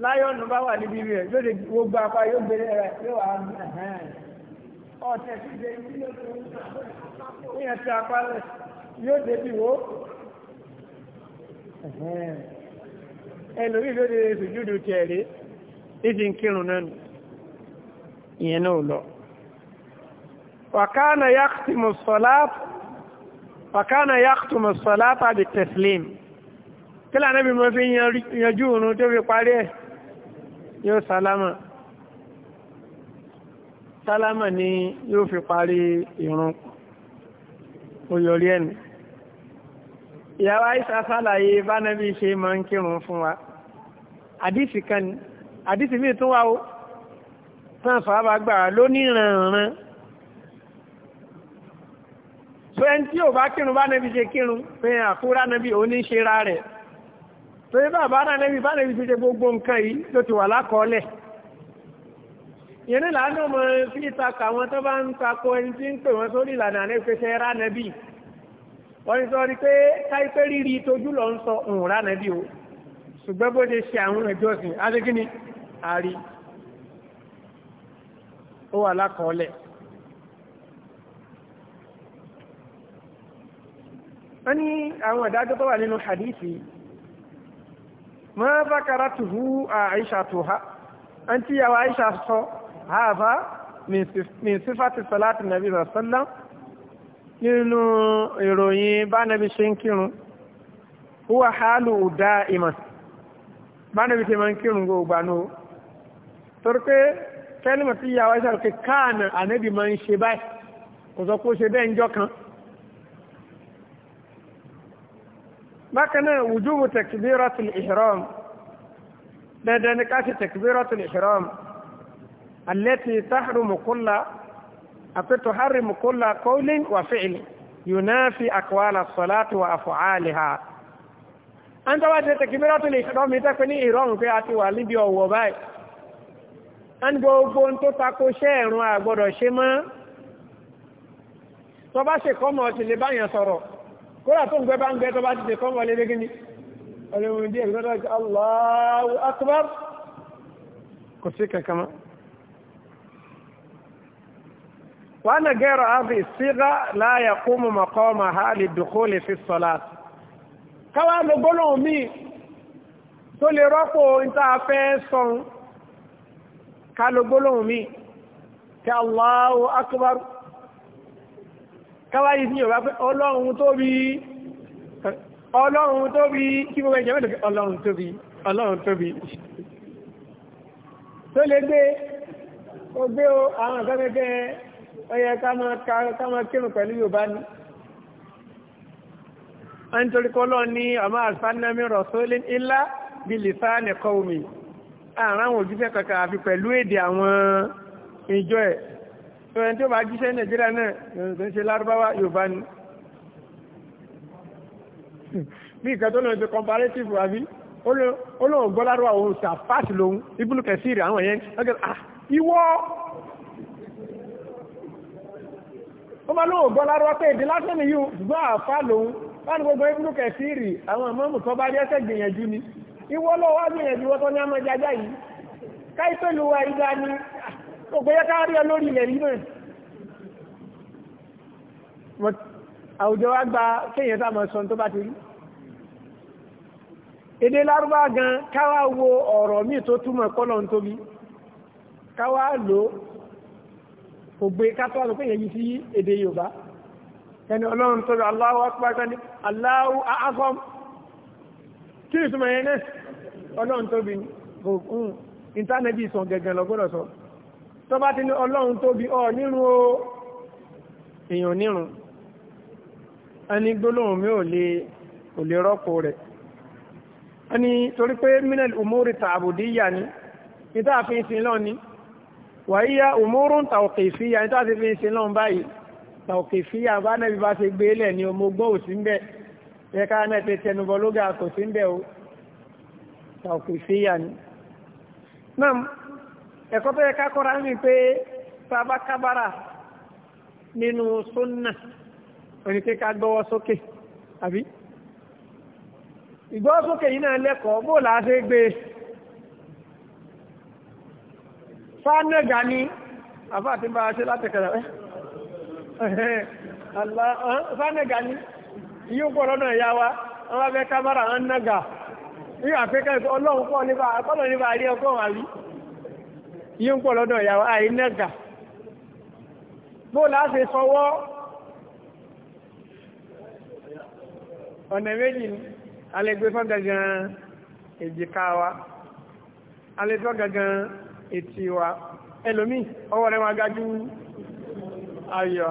láyọ̀nù bá wà níbi rẹ̀ yóò lè wo apá yóò gbé rẹ̀ yóò wà á mú ẹ̀hán ọ̀tẹ̀ sí jẹ ìdílé tó ń yàn ti apálẹ̀ yóò débi wo ẹlòmíì ló dé sùjúdù tẹ̀lé ìdí ń kírun náà nù ìyẹn náà lọ. wàkánà yàtùmù sọ̀láàtù wàkánà yàtùmù sọ̀láàtù àbí tẹ̀sílẹ̀mù kí lànà bí mo fi yanjú òun tó fi parí ẹ̀ yóò sálámà sálámà ni yóò fi parí ìrun oyọrí ẹnu ìyàwó àìsà sálàyé bánẹ́bí ṣe máa ń kírun fún wa àdìsí kan ni àdìsí míì tún wá o tán sọ́ábà gbàrà lóníranran tó ẹni tí ò bá kírun bánẹ́bí ṣe kírun pé àkúrá nẹ́bí oníṣẹ́ra rẹ̀ tó yẹ bá bánẹ́bí bánẹ́bí ṣe gbogbo nǹkan yìí ló ti wà lákọọ́lẹ̀ yẹn náà lánàá mọ fi takà wọn tó bá ń takò ẹni tí ń pè wọn sórí ìlànà àná pé ṣe rà nàbì wọ́n ti sọ ni pé káyipẹ́ rírì tójú lọ ń sọ òun rà o ṣùgbọ́n bó ṣe ṣe àwọn ìjọsìn adégíní àrí ó wà lákọọ́lẹ̀. wọ́n ní àwọn ìdájọ́ tó wà nínú hadithi ma zakara tuhu àìṣà tó ha an tí àìṣà sọ hàfà min sífàtì sọláàtì nàbí sọ̀sọ́lá nínú ìròyìn bánàbí ṣe ń kírun huwa hálù ìdá ìmọ̀ bánàbí ṣe máa ń kírun gbogbo àná torí pé kẹ́lìmọ̀ tí ìyàwó ẹ̀ṣẹ̀ rẹ̀ káànà ànábì máa ń ṣe báyìí kò sọ pé ó ṣe bẹ́ẹ̀ ń jọ́ kan bákanáà wùjúwù tẹ̀kìbírọ̀tì ìhìrọ̀m dandan ni ká ṣe tẹ̀kìbírọ̀tì ìhìrọ̀m التي تحرم كل تحرم كل قول وفعل ينافي أقوال الصلاة وأفعالها أنت وجدت تكبيرة الإحرام تكوني إيران في أتوى ليبيا ووباي ẹni gbogbo tó takò ṣẹ́ ẹ̀rùn àgbọ̀dọ̀ ṣe mọ́ tó bá ṣe kọ́mọ̀ ti lè báyàn sọ̀rọ̀ kódà tó ń gbẹ́ bá ń gbẹ́ tó bá ti ṣe kọ́mọ̀ lé légíní ọlọ́run díẹ̀ gbọ́dọ̀ Allahu Akbar kò sí kankan mọ́ وأن غير هذه الصيغة لا يقوم مقامها للدخول في الصلاة káwá lo gbólóhùn míì tó lè rọ́pò níta fẹ́ sọ̀n ká lo gbólóhùn míì kí Allahu akbar káwá yìí ní ọ̀rọ̀ ọlọ́run tóbi ọlọ́run kí gbogbo ẹ̀jẹ̀ mẹ́tẹ̀kẹ́ ọlọ́run tóbi ọlọ́run tóbi tó lè gbé ó àwọn àgbẹ̀gẹ́gẹ́ ó yẹ ká máa kírun pẹ̀lú yorùbá ni wọ́n torí kọ́ lọ ní ọmọ àṣánnámi rọ̀sọ́lẹ̀ ńlá bí lìsáàni kọ́wùmí àrùn àwọn òjíṣẹ́ kankan àfi pẹ̀lú èdè àwọn ìjọ ẹ̀ tó ẹni tó bá jíṣẹ́ nàìjíríà náà ló ń ṣe lárúbáwá yorùbá ni bí ìkẹ́ tó lọ ṣe comparative àbí ó lóun gbọ́ lárúbáwá òun ṣàfáàtì lòun ibùdókẹ́sì rẹ̀ àwọn yẹn ah, ìwọ́ ó máa lóun gbọ́ lárúbá pé èdè lásán ni yóò ṣùgbọ́n àfa lòun láti gbogbo ibùdó kẹsìrì àwọn ìmọ̀ọ́mù tó bá jẹ́sẹ̀ gbìyànjú ni ìwọ lọ wá gbìyànjú wọ́n tó ní àmọ́ jajá yìí káyí pẹ̀lú wa ìdá ni gbogbo yẹ káàrí ọ lórí ilẹ̀ nínú ẹ̀ àwùjọ wa gba kéèyàn tá mọ̀ sọ́n tó bá ti rí èdè lárúbá gan káwá wo ọ̀rọ̀ míì tó túmọ̀ kọ́lọ̀ kò gbé kátó àlọ́ pé yẹn yìí sí èdè Yorùbá ẹni ọlọ́run tó rọ Allahu akbar ní Allahu a'zam kí ni túmọ̀ yẹn náà ọlọ́run tó bí gògùn hmm, ìntánẹ́bì sàn gẹ̀gẹ̀ lọ́gbọ́dọ̀ sọ tó bá ti ní ọlọ́run tó bí ọ nírun o èèyàn nírun ẹni gbólóhùn mi ò lè ò lè rọ́pò rẹ̀ ẹni torí pé minel umori wàyíyá òmùrún tàwùkìfíyà ní tàbí fi ń sin náà báyìí tàwùkìfíyà bá nẹ́bí bá ṣe gbé lẹ̀ ni ọmọ gbọ́ òsì ń bẹ̀ yẹ ká tẹnubọ lóga kò sí ń bẹ̀ o tàwùkìfíyà ni. náà ẹ̀kọ́ tó yẹ ká kọ́ra mi pé sábà kábàrà nínú súnà òní ká gbọ́wọ́ sókè àbí ìgbọ́wọ́ sókè yìí náà lẹ́kọ̀ọ́ bó làá ṣe gbé e. fánẹ́gà ni àfá àti bá ṣe látẹ̀kẹ̀rẹ̀ rẹ̀ eh, eh, eh, fánẹ́gà ni yíò pọ̀ lọ́nà ìyá wa wọ́n bá fẹ́ kámárà ń nẹ́gà yíò àfẹ́kẹ́ ọlọ́run pọ̀ nípa àkọ́lọ̀ nípa àrí àrí etí wa ẹlòmíì ọwọ́ rẹ̀ máa gájú ayọ̀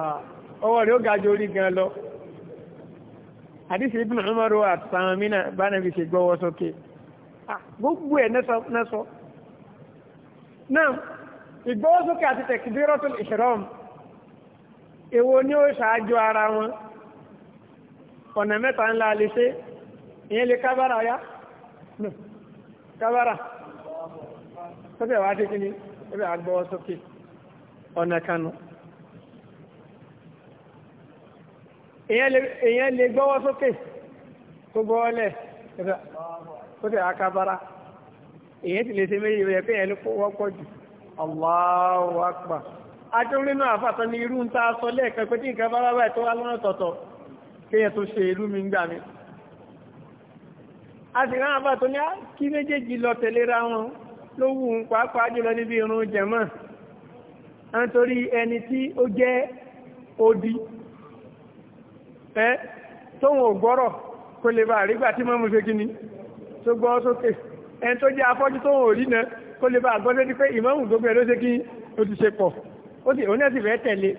ọwọ́ rẹ̀ ó gájú orí gan lọ àdísì Ibn Umar àtàwọn mìíràn bá nàbí ṣe gbọ́wọ́ sókè gbogbo ẹ̀ nẹ́sọ náà ìgbọ́wọ́ sókè àti takbiratul ihram èwo ni ó ṣáájú ara wọn ọ̀nà mẹ́ta ńlá lè ṣe ìyẹn lè kábàrà yá kábàrà tọ́bẹ̀ wá dé kíní tọ́bẹ̀ wá gbọ́wọ́ sókè ọ̀nà kanu èèyàn lè gbọ́wọ́ sókè tó gbọ́wọ́ lẹ̀ tọ́bẹ̀ wá kábára èèyàn ti lè ṣe méjì rẹ̀ pé ẹni wọ́pọ̀ jù Allahu Akbar ajúrínú àfàtọ́ ni irú ń ta sọ lẹ́ẹ̀kan pé tí nǹkan bá rábà tó wá lọ́nà tọ̀tọ̀ kéèyàn tó ṣe ìlú mi ń ah, kí méjèèjì lọ tẹ̀léra wọn ló wù ń pàápàá jùlọ níbi irun jẹ̀mọ́ nítorí ẹni tí ó jẹ́ odi ẹ́ tóhun ò gbọ́rọ̀ kò lè bá àrígbà tí mọ́mú ṣe kí ni tó gbọ́ sókè ẹni tó jẹ́ afọ́jú tóhun ò rí náà kò lè bá àgbọ́sẹ́ ti pé ìmọ̀mù gbogbo ẹ̀ ló ṣe kí ó ti ṣe pọ̀ ó sì oníẹ̀sì fẹ́ tẹ̀lé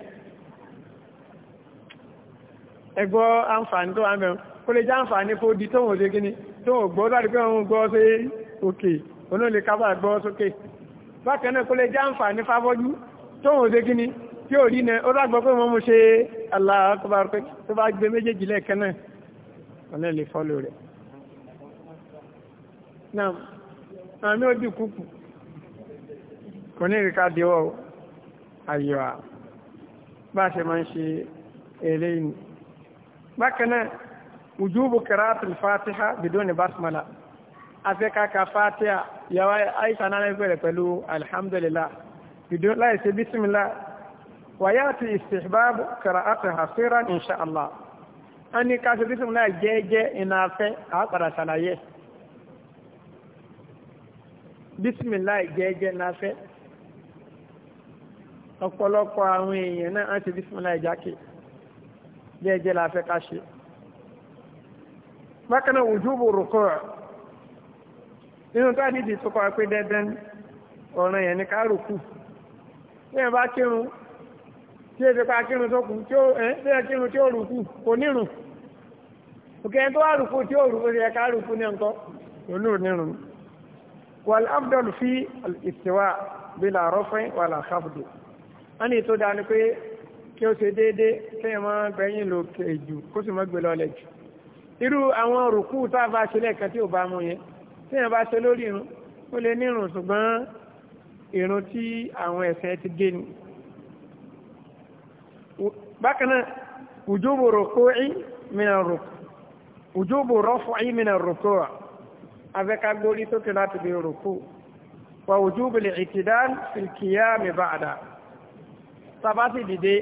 ẹgbọ́ àǹfààní tó wà mẹ́rin kò lè jẹ́ àǹfààní fó di tóhun ò ṣe kí ni tóhun ò gbọ́ olóòlè kábà gbọ́ sókè bákan náà kó lè já àǹfààní fábọ́jú tóhùn ṣe kí ni tí ò rí nẹ ó bá gbọ́ pé mo mú ṣe Allahu Akbar tó bá gbé méjèèjì lẹ́ẹ̀kan náà olóòlè fọ́lò rẹ̀ náà àmì ó dìkú kù kò ní ìrìká diwọ́ ayọ̀ à bá ṣe máa ń ṣe eré inú bákan náà wujubu qira'atil Fatiha bidoni basmala afẹ́kaka fatia yàwá aisha náà bẹ̀rẹ̀ pẹ̀lú alhamdulillah ìdó láìsí bísímìlá wàyá àti istihbab kìrààtì hasira insha allah a ní káṣí bísímìlá jẹ́ẹ́jẹ́ iná afẹ́ àpàdà ṣàlàyé bísímìlá jẹ́ẹ́jẹ́ iná afẹ́ ọ̀pọ̀lọpọ̀ àwọn èèyàn náà á ti bísímìlá ìjákè jẹ́ẹ́jẹ́ la fẹ́ káṣí bákan náà wujubu ruku' nínú tó àdídì tó kọ́ pé dandan ọ̀ràn yẹn ní kárò kù bí ẹ bá kírun tí èdè pa kírun tó kù tí ó ẹ bí ẹ kírun tí ó rù kù kò nírun òkè ẹni tó wà rù kù tí ó rù kù yẹ kárò kù ní ẹnkọ olóòrùn nírun wàl abdul fi ìtìwà bílà rọfin wàlà káfùdù wọn ni tó dáa ni pé kí ó ṣe déédé kí ẹ máa gbẹ̀yìn lókè jù kó sì má gbé lọlẹ jù irú àwọn rùkù tá a bá ṣe lẹ́ẹ̀kan tí ò bá mú yẹn tí èèyàn bá ṣe lórí irun ó lè ní irun ṣùgbọ́n irun tí àwọn ẹ̀sẹ̀ ti dé ni. bákan náà wujubu ruku'i mina rukú wujubu raf'i mina rukú wa afẹ́ká gbórí sókè láti bí rukú wa wujubu al-i'tidal fil qiyami ba'da sábàtì dìde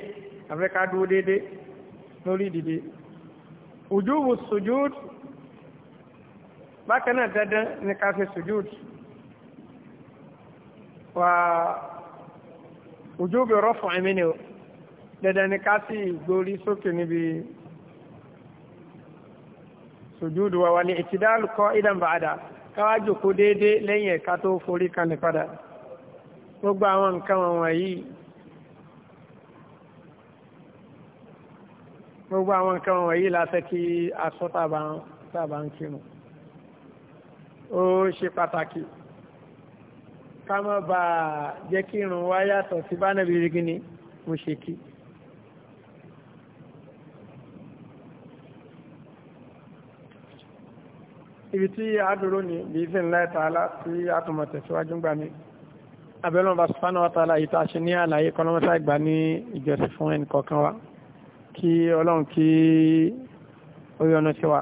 afẹ́ká dúró déédéé lórí dìde wujubu sujud bákan náà dandan ní ká ṣe sujud wà ojú bí rọ́fù ẹ̀mí ni o dandan ní ká sì gbórí sókè níbi sujud wa wà ní ìtìdáàlù kọ́ ìdàmbà àdá káwá jòkó déédéé lẹ́yìn ẹ̀ka tó forí kanì padà gbogbo àwọn nǹkan wọ̀nyí gbogbo àwọn nǹkan wọ̀nyí la kí asọ́tàbà ń kírun ó ṣe pàtàkì ká má bà jẹ́ kí irun wá yàtọ̀ sí bá nàbí rí gíní mo ṣe kí ibi tí a dúró ní bí fi ńlá ìtàlá tí a tún mọ̀ tẹ̀síwájú gbà mí abẹ́lọ́n bá sùpánà wátàlá yìí tá a ṣe ní àlàyé kọ́nọ́mọ́sá ìgbà ní ìjọsìn fún ẹnì kọ̀ọ̀kan wa kí ọlọ́run kí ó yọ́nú sí wa.